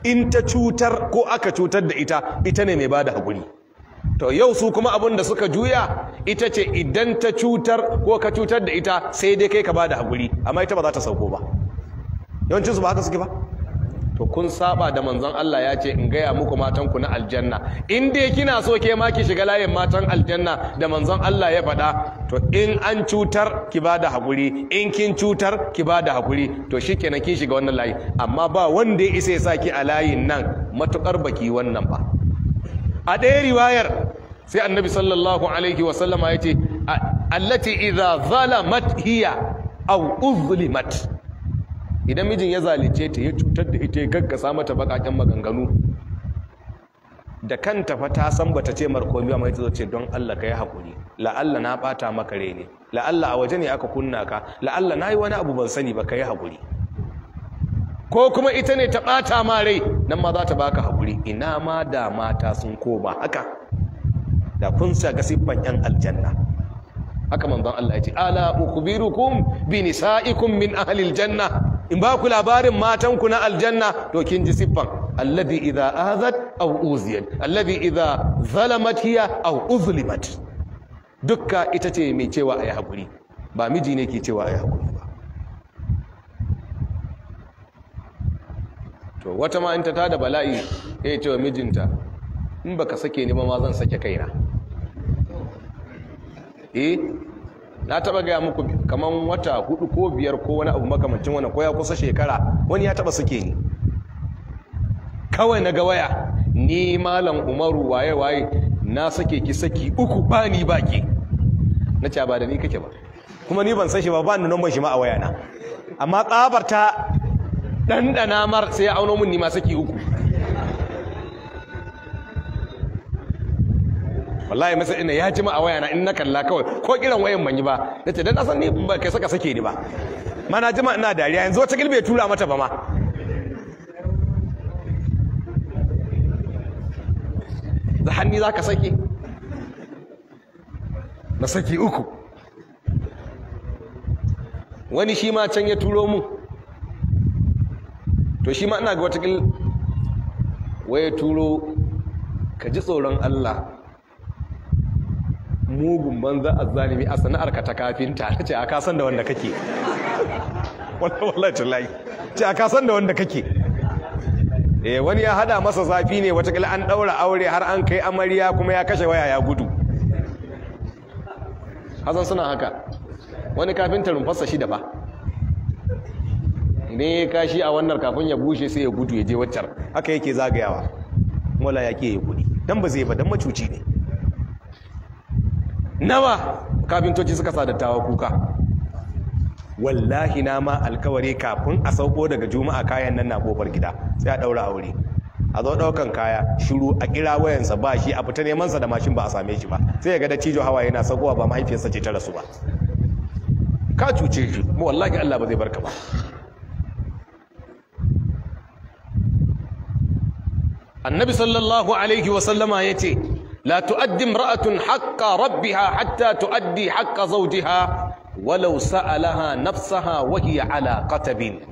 in ta cutar ko aka cutar da ita ita ne mai bada haƙuri to yau su kuma abin da suka juya ita ce idan ta cutar ko ka cutar da ita sai dai kai ka bada haƙuri amma ita ba za ta sauko ba yawancinsu ba haka suke ba to kun saba da manzon Allah ya ce in gaya muku matan ku na aljanna in dai kina so ke ma ki shiga layin matan aljanna da manzon Allah ya faɗa to in an cutar ki ba da hakuri in kin cutar ki ba da hakuri to shikenan kin shiga wannan layi amma ba wanda ya isa ya saki a layin nan matukar baki wannan ba a ɗaya riwayar sai annabi sallallahu alaihi wa sallama ya ce allati idza zalamat hiya aw uzlimat idan mijin ya zalice ta ya cutar da ita ya gaggasa mata bakaken maganganu da kanta fa ta san bata ce markomi ba mai ta ce don Allah ka yi la la'alla na bata maka ne la'alla a waje ne aka kunna ka la'alla na yi wani abu ban sani ba ka yi hakuri. ko kuma ita ne ta bata ma rai nan ma za ta baka hakuri? ina ma da mata sun koma haka da kun sa ga siffan yan aljanna haka manzon Allah ya ce ala ukhbirukum bi nisaikum min ahli aljanna in ba ku labarin matanku na aljanna to kin ji siffan alladhi idza azat aw uziyat alladhi idza zalamat hiya aw uzlimat dukka ita ce mai cewa ayi hakuri ba miji ne ke cewa ayi hakuri ba to wata ma in ta tada bala'i sai ce wa mijinta in baka sake ni ba ma zan sake kaina eh na taba gaya muku kaman wata hudu ko biyar ko wani abu makamancin wani ko ya kusa shekara wani ya taba suke ni kawai na ga waya ni malam umaru waye waye na sake ki saki uku ba ba baki na ce ba da ni kake ba kuma ni ban san shi ba ba ni nomba shi ma a wayana amma tsabar ta dandana mar sai ya auno mun ni ma saki uku wallahi masa ina ya jima a wayana in na kalla kawai ko kiran wayan manyi ba nace dan na san ni ba kai saka sake ni ba mana jima ina dariya yanzu wata gilbe tura mata ba ma da hanni zaka sake na saki uku wani shi ma can ya turo mu to shi ma ina ga wata gil waya turo ka ji tsoron Allah mugun banza zalimi a sana'ar ka ta ta ce a kasan da wanda kake wallahi tallahi ce a kasan da wanda kake eh wani ya hada masa zafi ne wata watakila an daura aure har an kai amarya kuma ya kashe waya ya gudu hazan suna haka wani rumfasa shi da ba ne ya kashi a wannan kafin ya bushe sai ya gudu ya je waccar haka yake zagayawa mola ya ke ya kudi dan ba zai ba dan macuci ne nawa kafintoci suka sa dattawa kuka wallahi na ma alkawari kafin a sauko daga juma'a kayan nan na kofar gida sai a ɗaura aure a zo daukan kaya shiru a kira wayansa ba shi a fita neman sa da mashin ba a same shi ba sai ya ga da cijo hawa yana saukowa ba mahaifiyarsa ce ta rasu ba ka cuce shi mu wallahi Allah ba zai barka ba annabi sallallahu alaihi wa ya ce la tu'addi imra'atun haqqa rabbiha hatta tu'addi haqqa Zaujiha. walau sa'alaha nafsaha wa hiya ala qatabin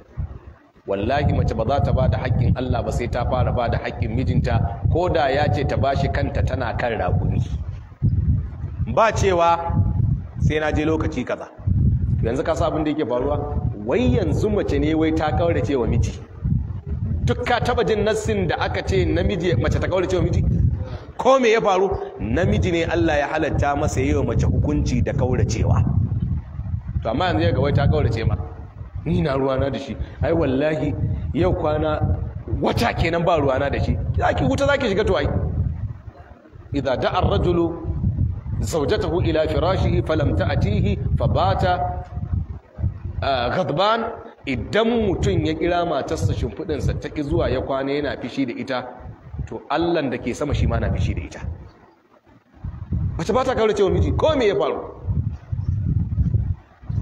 wallahi mace ba za ta da haƙƙin Allah ba sai ta fara bada haƙƙin mijinta ko da ya ce ta bashi kanta tana kan raƙumi ba cewa sai na je lokaci kaza yanzu ka sa abin da yake faruwa wai yanzu mace ne wai ta kaurace wa miji duk taba jin nassin da aka ce namiji mace ta kaurace wa miji ko me ya faru namiji ne Allah ya halatta masa yi wa mace hukunci da kauracewa to amma yanzu ya ga wai ta kaurace ma ni na na da shi ai wallahi yau kwana wata kenan ba ruwana da shi zaki huta zaki shiga to ai idza da'a ar-rajulu zawjatahu ila firashihi falam ta'tihi fabata ghadban idan mutum ya kira matarsa shimfidinsa ta ki zuwa ya kwana yana fishi da ita to allan da ke sama shi ma na fishi da ita mace ba ta kawo cewa miji ko me ya faru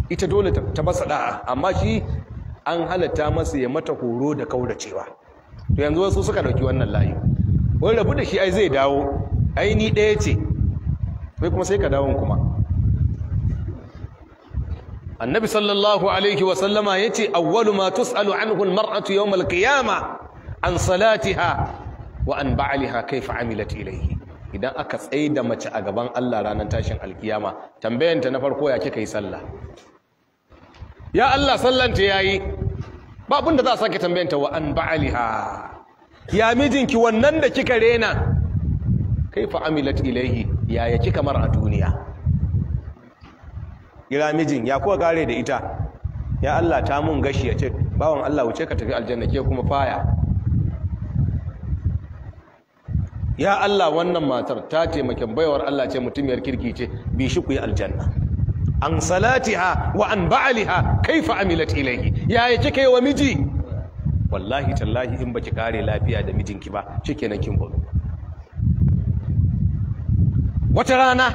ita dole ta basa da'a amma shi an halatta masa ya mata horo da da cewa to yanzu wasu suka dauki wannan layi wani rabu da shi ai zai dawo ai ni ɗaya ce sai kuma sai ka dawo kuma annabi sallallahu alaihi wa sallama ce awwalu ma tus'alu anhu al-mar'atu yawm al an salatiha wa an kai fa amilat ilaihi, idan aka tsaye da mace a gaban Allah ranar tashin alkiyama tambayanta na farko ya kika yi sallah ya Allah sallanta yayi ba abin da za a sake tambayanta wa an ba'liha ya mijinki wannan da kika rena Kai fa ilayhi ya ya kika mara a duniya Gira mijin ya kuwa gare da ita ya Allah ta mun gashi ya ce bawan Allah wuce ka tafi aljanna ke kuma faya ya Allah wannan matar ta taimake baiwar Allah ce mutumiyar kirki ce bi shi ku yi aljanna an ha wa an ba'aliha kaifa amilat ilayhi yaya kike yi wa miji wallahi tallahi in baki kare lafiya da mijinki ba shikenan kin bolo wata rana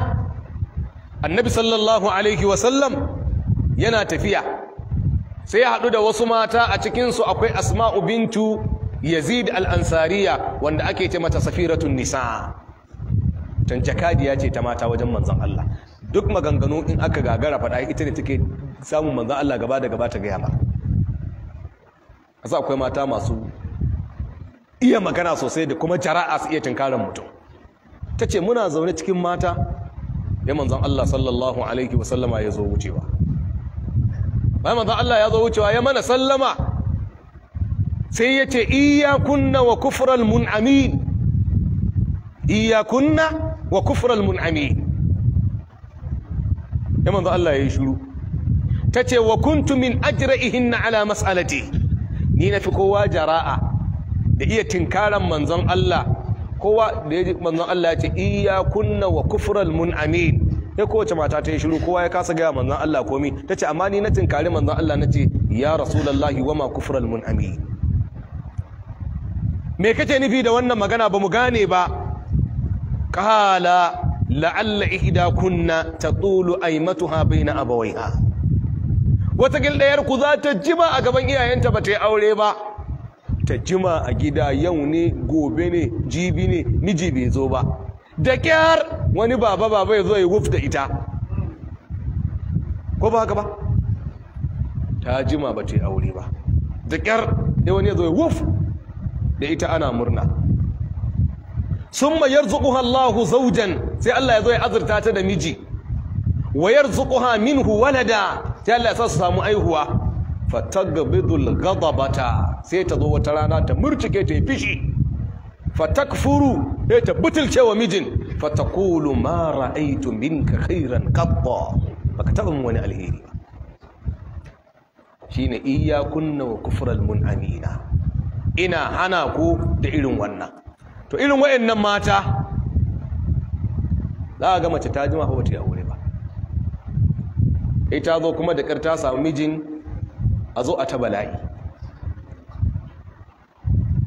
annabi sallallahu alaihi wasallam yana tafiya sai ya haɗu da wasu mata a cikinsu akwai asma'u bintu yazid al-ansariya wanda ake ce mata safiratun nisa tun jakadiya ce ta mata wajen manzan Allah duk maganganu in aka gagara faɗa ita ne take samun manzan Allah gaba da gaba ta gaya ba A sa akwai mata masu iya magana sosai da kuma jara'a su iya tunkarar mutum ta ce muna zaune cikin mata ya manzan Allah sallallahu alaihi wasallama ya zo wucewa bayan manzan Allah ya zo wucewa ya mana sallama sai ya ce iyakunna wa kufral mun'amin iyakunna wa kufral mun'amin ya manzo Allah ya yi shiru ta ce wa kuntu min ajra'ihinna ala mas'alati ni na fi kowa jara'a da iya tinkaran manzon Allah kowa da ya ji manzon Allah ya ce iyakunna wa kufral mun'amin ya kowace mata ta yi shiru kowa ya kasa gaya manzan Allah komi ta ce amma ni na tinkari manzan Allah na ce ya rasulallahi wa ma kufral mun'amin me kake nufi da wannan magana ba mu gane ba kala la'alla ihda kunna tatulu aymatuha baina abawaiha wata gildayar ku za ta jima a gaban iyayenta ba ta yi aure ba ta jima a gida yau ne gobe ne jibi ne miji bai zo ba da kyar wani baba baba ya zo ya wuf da ita ko ba haka ba ta jima ba ta yi aure ba da kyar dai wani ya zo ya wuf da ita ana murna Sun summa yarzuquha Allahu Zaujan, sai Allah ya zo ya azurta ta da miji wa yarzuquha minhu walada sai Allah ya sa su samu aihuwa fatagbidul ghadabata sai ta zo wata rana ta murtike ta fishi fatakfuru sai ta butulce wa mijin fatakulu ma ra'aytu minka khairan qatta baka taba mun wani alheri ba shine iyyakunna wa kufral mun'amina ina hana ku da irin wannan to irin wayannan mata za a ga mace ta jima ba ta yi aure ba ita zo kuma da ƙar samu mijin a zo a ta bala'i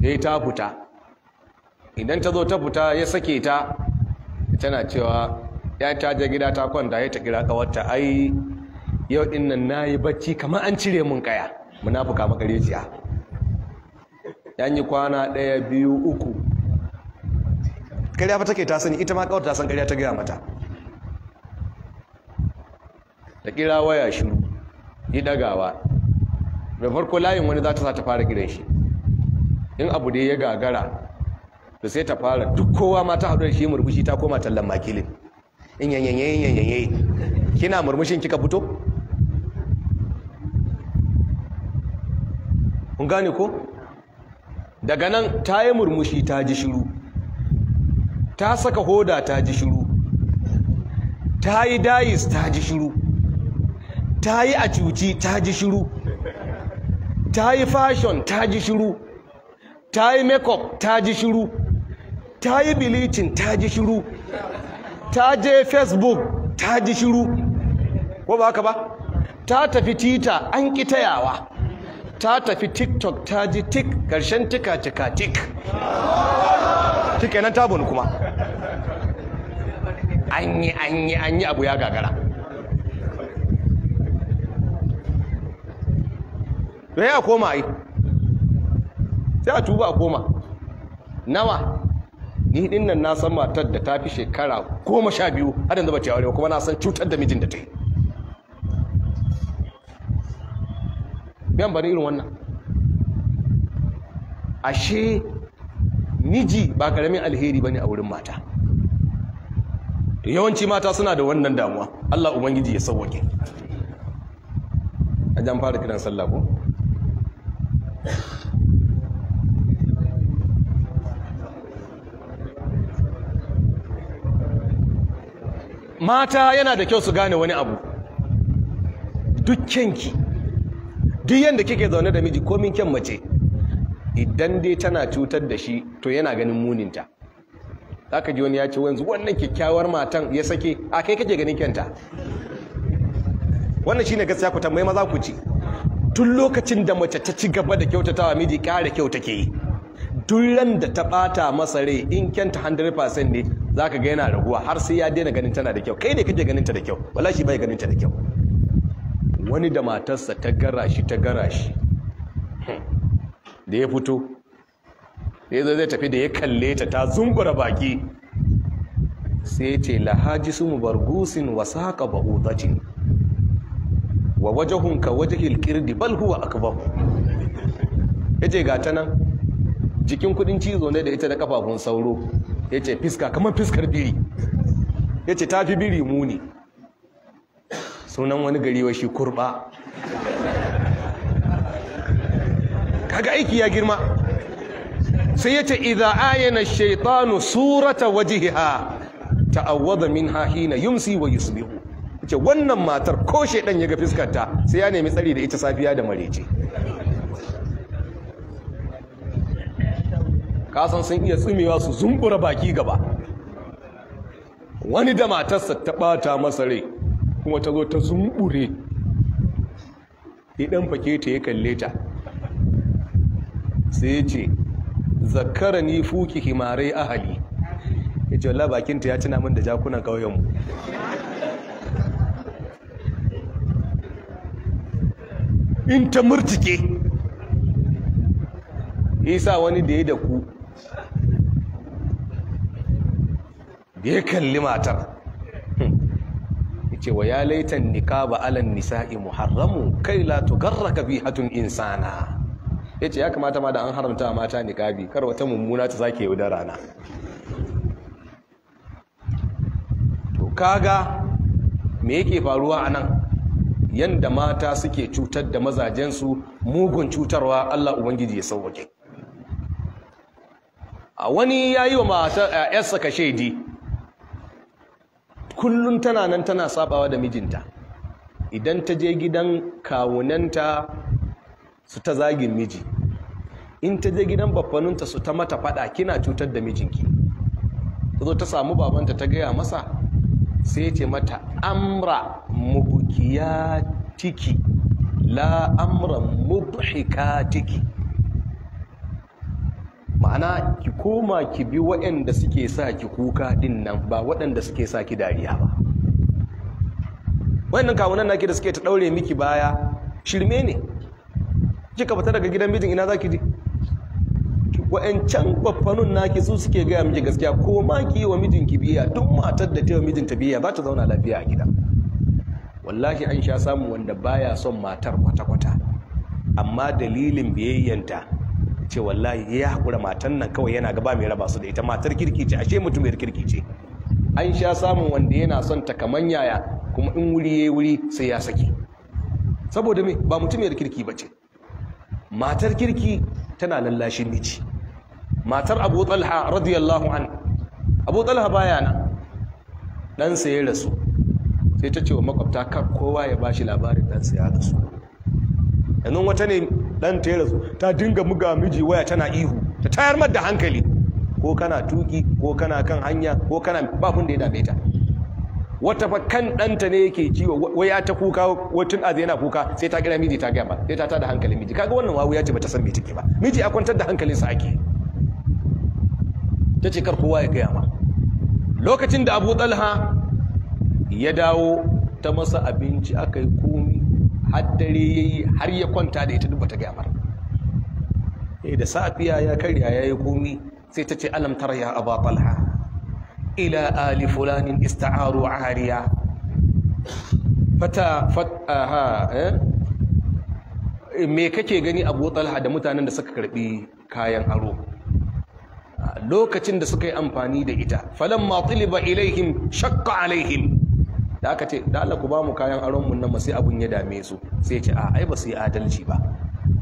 ya ta fita idan ta zo ta fita ya sake ta tana cewa ya ta je gida ta kwanta ya ta kira kawarta ai yau dinnan nayi na yi bacci kamar an cire mun kaya munafuka makareciya yan yi kwana ɗaya biyu uku ƙarya take ta sani ita ma ƙawar ta san ƙarya ta gaya mata da kira waya shiru yi dagawa da farko layin wani za ta sa ta fara kiran shi in abu da ya gagara da sai ta fara duk kowa ma ta haɗu da shi murmushi ta koma tallan makilin in yanyanyayi kina murmushin kika fito kun gane ko daga nan ta yi murmushi ta ji shiru ta saka hoda ta ji shiru ta yi dayis ta ji shiru ta yi a cuci ta ji shiru ta yi fashon ta ji shiru ta yi makeup ta ji shiru ta yi bilicin ta ji shiru ta je facebook ta ji shiru ko ba haka ba ta tafi tita an ƙi tayawa ta tafi tiktok ta ji tik ƙarshen tika cika tik tikenan tabon kuma an yi an yi an yi abu ya gagara da ya koma yi sai a tuba a koma nawa ni dinnan na san matar da ta fi shekara goma sha biyu har yanzu ba ta aure kuma na san cutar da mijin da ta yi bai irin wannan ashe niji ba karamin alheri bane a wurin mata to yawanci mata suna da wannan damuwa Allah ubangiji ya sauwake a jan fara kiran sallah ko mata yana da kyau su gane wani abu dukkanki duk yadda kike zaune da miji komin kyan mace idan dai tana cutar da shi to yana ganin muninta ka ji wani ya ce wanzu wannan kyakkyawar matan ya sake a kai kake ganin kyanta wannan shine gaskiya ku tambayi maza ku ci tun lokacin da mace ta ci gaba da kyautatawa miji kare kyauta ke yi duk ran da ta bata masa rai in kyanta 100% ne zaka ga yana raguwa har sai ya daina ganin tana da kyau kai ne kake ganin ta da kyau wallahi bai ganin ta da kyau wani da matarsa ta gara shi ta gara shi da ya fito ya zai tafi da ya kalle ta ta zumbura baki sai ce lahaji su mubargusin wasu haka ba'udacin wa hunka waje wajahil kirdi bal huwa Ya ce ga ta nan jikin kudin cizo ne da ita da kafafun sauro Ya ce fiska kamar fiskar biri ta fi biri muni sunan wani gari wa shi kurba kaga aiki ya girma sai yace idza ayana shaitanu surata wajhiha ta'awwada minha hina yumsi wa yusbihu yace wannan matar ko shaydan ya ga fiskarta sai ya nemi tsari da ita safiya da marece kasan sun iya tsumewa su zumbura baki gaba wani da matarsa ta bata masa kuma ta zo ta zumbure idan fake ta ya kalle ta sai ya ce zakara ni fuki himarai ahali ya ce wala bakinta ya cina min da jakunan ƙauyenmu in ta murtike sa wani da ya da ku da ya kalli matar cewa ya laitan niqaba alan nisa'i muharramu kai la tugarraka Insa insana yace ya kamata ma da an haramta mata nikabi kar wata mummuna ta zake yau da rana to kaga me yake faruwa anan yanda mata suke cutar da mazajensu mugun cutarwa Allah ubangiji ya sauke a wani yayi wa mata yarsa shaidi Kullum tana nan tana sabawa da mijinta idan ta je gidan kawunanta su ta zagin miji in ta je gidan babbaninta su ta mata fada kina cutar da mijinki ta zo ta samu babanta ta gaya masa sai ce mata amra mubukiya tiki la amra mubhika tiki ma'ana ki koma ki bi waɗanda suke sa ki kuka din nan ba waɗanda suke sa ki dariya ba waɗannan kawunan naki da suke ta ɗaure miki baya shirme ne kika fita daga gidan mijin ina za ji? je wa'ancan baffanun naki su suke gaya miki gaskiya ko ma ki yi wa mijinki biya duk matar da ta yi mijinta biya ba ta zauna lafiya a gida wallahi an sha samu wanda baya son matar kwata-kwata amma dalilin biyayyanta ce wallahi eh, ya haƙura matan nan kawai yana gaba mai raba su da ita matar kirki ce ashe mutum mai kirki ce an sha samun wanda yana son ta kaman yaya kuma in wuri yayi wuri sai ya saki saboda me ba mutum mai kirki bace matar kirki tana lallashin miji matar Abu Talha radiyallahu an Abu Talha baya nan dan sa ya rasu sai ta ce wa makwabta kar kowa ya bashi labarin dan sa ya rasu yanzu wata ne dan ta rasu ta dinga muga miji waya tana ihu ta tayar mar da hankali ko kana tuki ko kana kan hanya ko kana babun da ya dame ta wata fa kan ɗanta ne yake kiwo waya ta kuka watun azai yana kuka sai ta kira miji ta gaya ba sai ta tada hankalin miji kaga wannan wawu ya ce bata san me take ba miji a kwantar da hankalinsa ake ta ce kar kowa ya gaya ma lokacin da abu talha ya dawo ta masa abinci aka yi komi har dare yi har ya kwanta da ita duba ta gaya mara eh da safiya ya karya ya yi komi sai ta ce alam tara ya aba talha ila ali fulanin ista'aru ariya fata fata ha eh? eh me kake gani abu talha da mutanen da suka karbi kayan aro lokacin da suka yi amfani da ita falamma ba ilaihim shakka alaihim da aka ce da Allah ku ba mu kayan aron mun nan sai abun ya dame su sai ce a ai ba sai adalci ba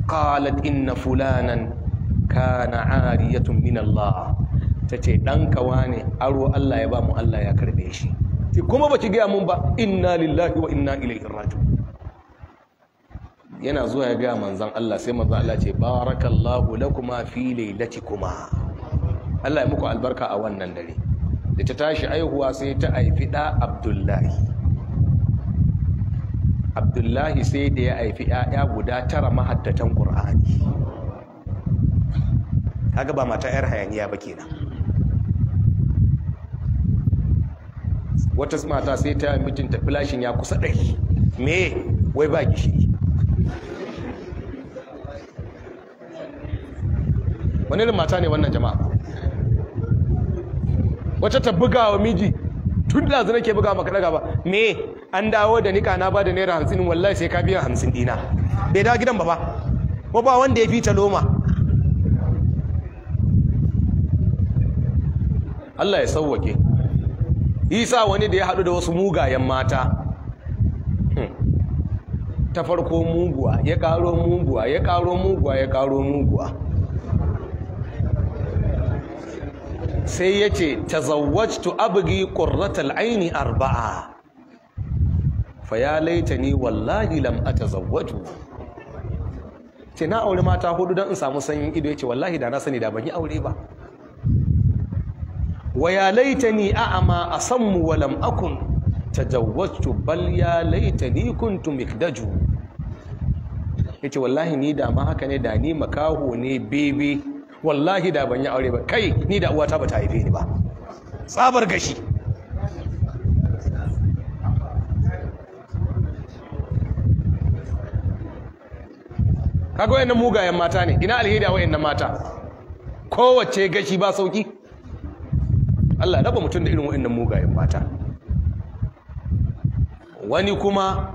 qalat inna fulanan kana ariyatun min Allah tace dan kawa ne aro Allah ya ba mu Allah ya karbe shi ki kuma baki ga mun ba inna lillahi wa inna ilaihi raji'un yana zuwa ya ga manzon Allah sai manzon Allah ce barakallahu lakuma fi lailatikuma Allah ya muku albarka a wannan dare da ta tashi aihuwa sai ta haifi ɗa abdullahi abdullahi sai da ya haifi ‘ya'ya guda tara mahaddatan ƙur'ani haka ba mata ‘yar hayaniya ba kenan wata mata sai ta yi mijinta filashin ya kusa ɗari me wai ba gishiri wani mata ne wannan jama'a wacce ta buga wa miji tun da zana ke buga maka daga ba me an dawo da nika na ba da naira hamsin wallahi sai ka biya hamsin dina bai dawo gidan ba ba ko ba wanda ya fi ta loma Allah ya sauwake isa wani da ya haɗu da wasu mugayen mata hmm. ta farko muguwa ya ƙaro muguwa ya ƙaro muguwa ya ƙaro muguwa sai ya ce tazawwajtu abgi qurratal aini arba'a fa ya laitani wallahi lam atazawwaju ce na aure mata hudu don in samu sanyin ido yace wallahi da na sani da ban yi aure ba wa ya laitani a'ama asammu wa lam akun tajawwajtu bal ya laitani kuntu mikdaju yace wallahi ni da ma haka ne da ni makaho ne bebe wallahi da ban yi aure ba kai ni da uwata ba ta haife ni ba tsabar gashi kaga wayannan mugayen mata ne ina alheri a wayannan mata kowace gashi ba sauki Allah raba mutum da irin wayannan mugayen mata wani kuma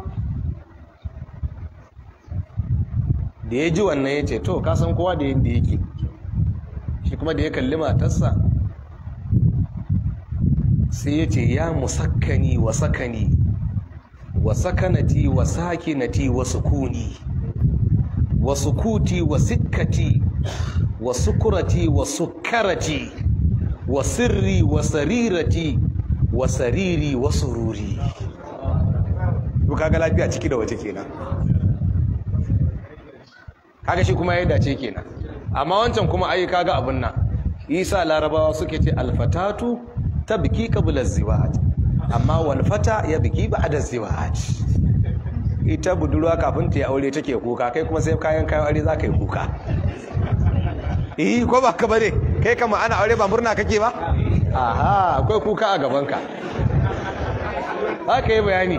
da ya ji wannan ya ce to kasan kowa da yadda yake kuma da ya kalli matarsa sai ya ce ya musakkani wa sakani wa sakanati wa sakinati wa sukuni wa sukuti wa sikkati wa sukurati wa sukkarati wa sirri wa sarirati wa sariri wa sururi kaga lafiya ciki da wace kenan kaga shi kuma ya dace kenan amma wancan kuma ayi kaga abin nan isa larabawa suke ce alfatatu ta biki ziwa ziwaj amma walfata ya biki ba ba'da ziwaj ita budurwa kafin ta yi aure take kuka kai kuma sai kayan kayan aure za ka yi kuka eh ko ba ka bane kai kama ana aure ba murna kake ba aha akwai kuka a gabanka za ka yi bayani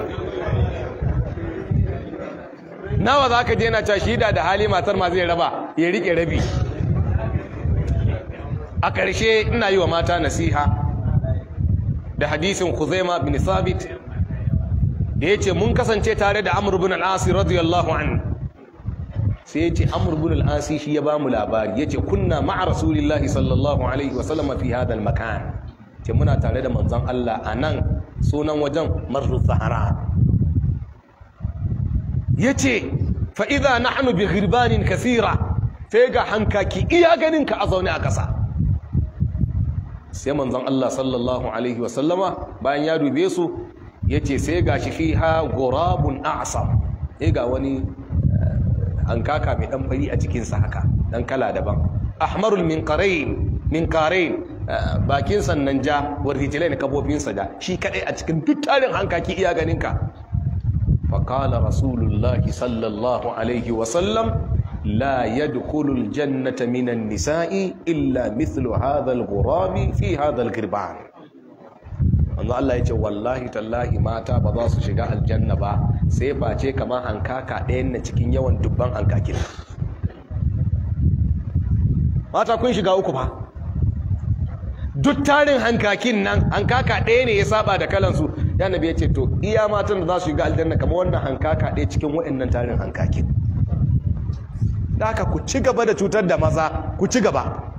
nawa za ka je na ta shida da hali matar ma zai raba ya riƙe rabi a ƙarshe ina yi wa mata nasiha da hadisin huzaima bin Sabit. da yace mun kasance tare da Amurbin ibn al radiyallahu an. sai yace Amr ibn al shi ya bamu labari yace kunna ma'a Rasulillahi sallallahu alaihi wa sallam fi hadha al-makan ce muna tare da manzon Allah a nan sunan wajen marar Sahara yace fa'iza na nahnu bi ghirbanin kathira sai ga hankaki iya ganin ka a zaune a ƙasa sai manzon Allah sallallahu alaihi wasallama bayan ya dube su ce sai ga shi fiha ghurabun a'sam sai ga wani eh, hankaka mai dan fari a cikinsa haka dan kala daban ahmarul minqarain minqarain eh, bakin sannan ja warhijilai ne da shi kadai a cikin duk hankaki iya ganinka faƙala rasulullahi sallallahu alaihi wasallam la yadkhulul jannata minan nisa'i illa mislu hadal gurabi fi hadal girba. Allah ya ce wallahi tallahi mata ba za su shiga aljanna ba sai face kamar hankaka ɗayan na cikin yawan dubban hankakin mata kun shiga uku ba duk tarin hankakin nan hankaka ɗaya ne ya saba da kalansu ya ya ce to iya matan da za su shiga aljanna kama wannan hankaka ɗaya cikin waɗannan tarin hankakin da aka ku ci gaba da cutar da maza ku ci gaba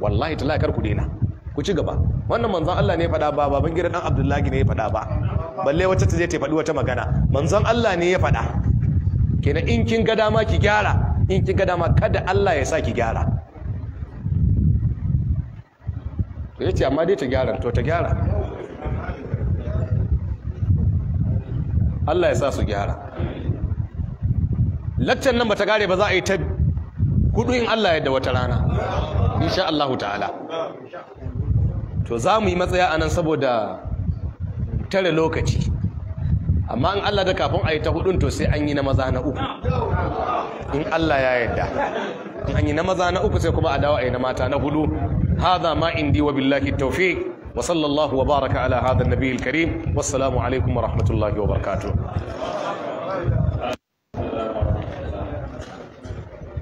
wallahi ta kar ku daina ku ci gaba wannan manzan Allah ne ya faɗa ba baban gidan dan Abdullahi ne ya faɗa ba balle wacce ta je ta faɗi wata magana manzan Allah ne ya faɗa kenan in kin ga dama ki gyara in kin ga dama kada Allah ya sa ki gyara to yace amma dai ta gyara to ta gyara Allah ya sa su gyara laccan nan bata gare ba za a yi ta hudu in Allah yadda wata rana insha Allah ta'ala to za mu yi matsaya a nan saboda tare lokaci amma in Allah da kafin a yi ta hudun to sai an yi na maza na uku in Allah ya yadda in an yi na maza na uku sai kuma a dawo a yi na mata na hudu hadha ma indi wa billahi tawfiq wa sallallahu wa baraka ala hadha an-nabiyil karim wassalamu alaikum wa rahmatullahi wa barakatuh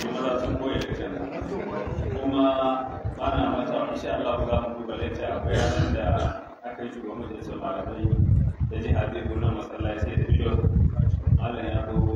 kuma sun goya da kuma ana mata insha Allah za mu duba a bayanan da aka yi shugaban majalisar malamai da jihar Bebo na masallaci da biyo Allah ya zo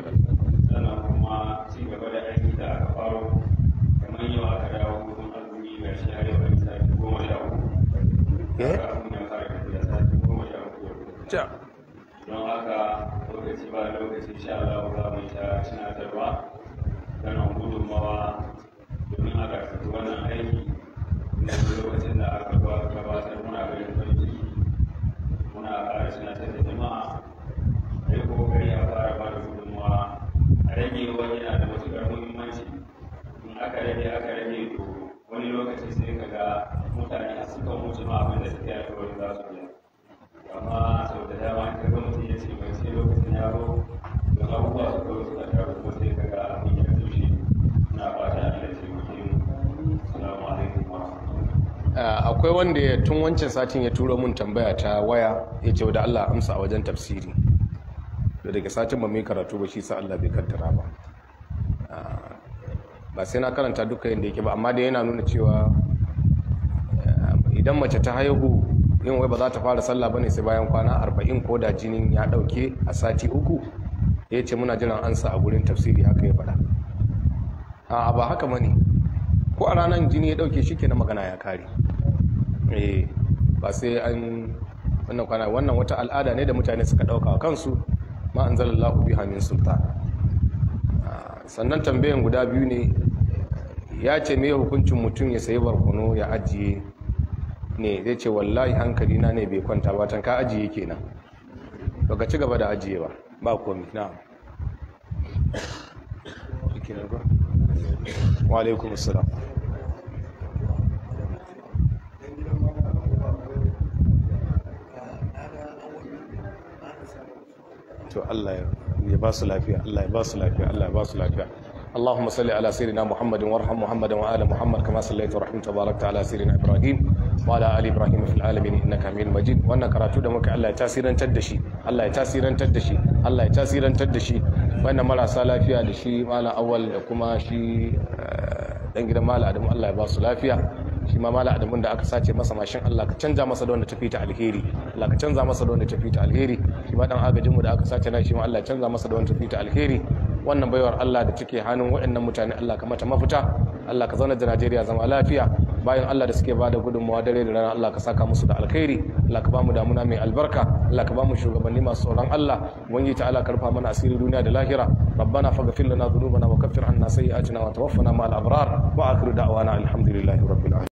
akwai wanda ya tun wancan satin ya turo mun tambaya ta waya ya ce da Allah amsa a wajen tafsiri da daga satin ba mai karatu ba shi sa Allah bai kantara ba ah, ba sai na karanta duka yadda yake ba amma da yana nuna cewa eh, idan mace ta haihu yin wai ba za ta fara sallah ba ne sai bayan kwana arba'in ko da jinin ya dauke a sati uku ya ce muna jiran ansa a gurin tafsiri haka ya faɗa a ba haka bane ko a ranar jini ya dauke shi ke na magana ya kare eh ba sai an wannan kwana wannan wata al'ada ne da mutane suka dauka kansu ma anzalallahu biha min sultan ah, sannan tambayan guda biyu ne ya ce me hukuncin mutum ya sayi barkono ya ajiye ne zai ce wallahi hankali na ne bai kwanta ba tan ka ajiye kenan baka ci gaba da ajiye ba ba komi na'am wa to Allah ya ba su lafiya Allah ya ba su lafiya Allah ya ba su lafiya اللهم صل على سيدنا محمد وارحم محمد وآل محمد كما صليت ورحمت وباركت على سيدنا إبراهيم وعلى آل إبراهيم في العالمين إنك حميد مجيد وأنا كراتو دمك الله يتاسيرن تدشي الله يتاسيرن تدشي الله يتاسيرن تدشي وأنا مرة سالا فيها دشي مالا أول كما شي دنجد مالا أدم الله يباسو لافيا shi ma mala adamun da aka sace masa mashin Allah ka canza masa da wanda tafi ta alheri Allah ka canza masa da wanda tafi ta alheri shi ma dan agajin mu da aka sace nan shi ma Allah canza masa da wanda tafi ta alheri wannan baiwar Allah da take hannun waɗannan mutane Allah ka mata mafita Allah ka zauna da Najeriya zama lafiya bayan Allah da suke bada gudunmawa dare da rana Allah ka saka musu da alkhairi Allah ka bamu damuna mai albarka Allah ka bamu shugabanni masu tsoron Allah Wani ta Allah karfa mana asiri duniya da lahira rabbana faghfir lana dhunubana wa kaffir anna sayyi'atina wa tawaffana ma'al abrar wa akhiru da'wana alhamdulillahi rabbil alamin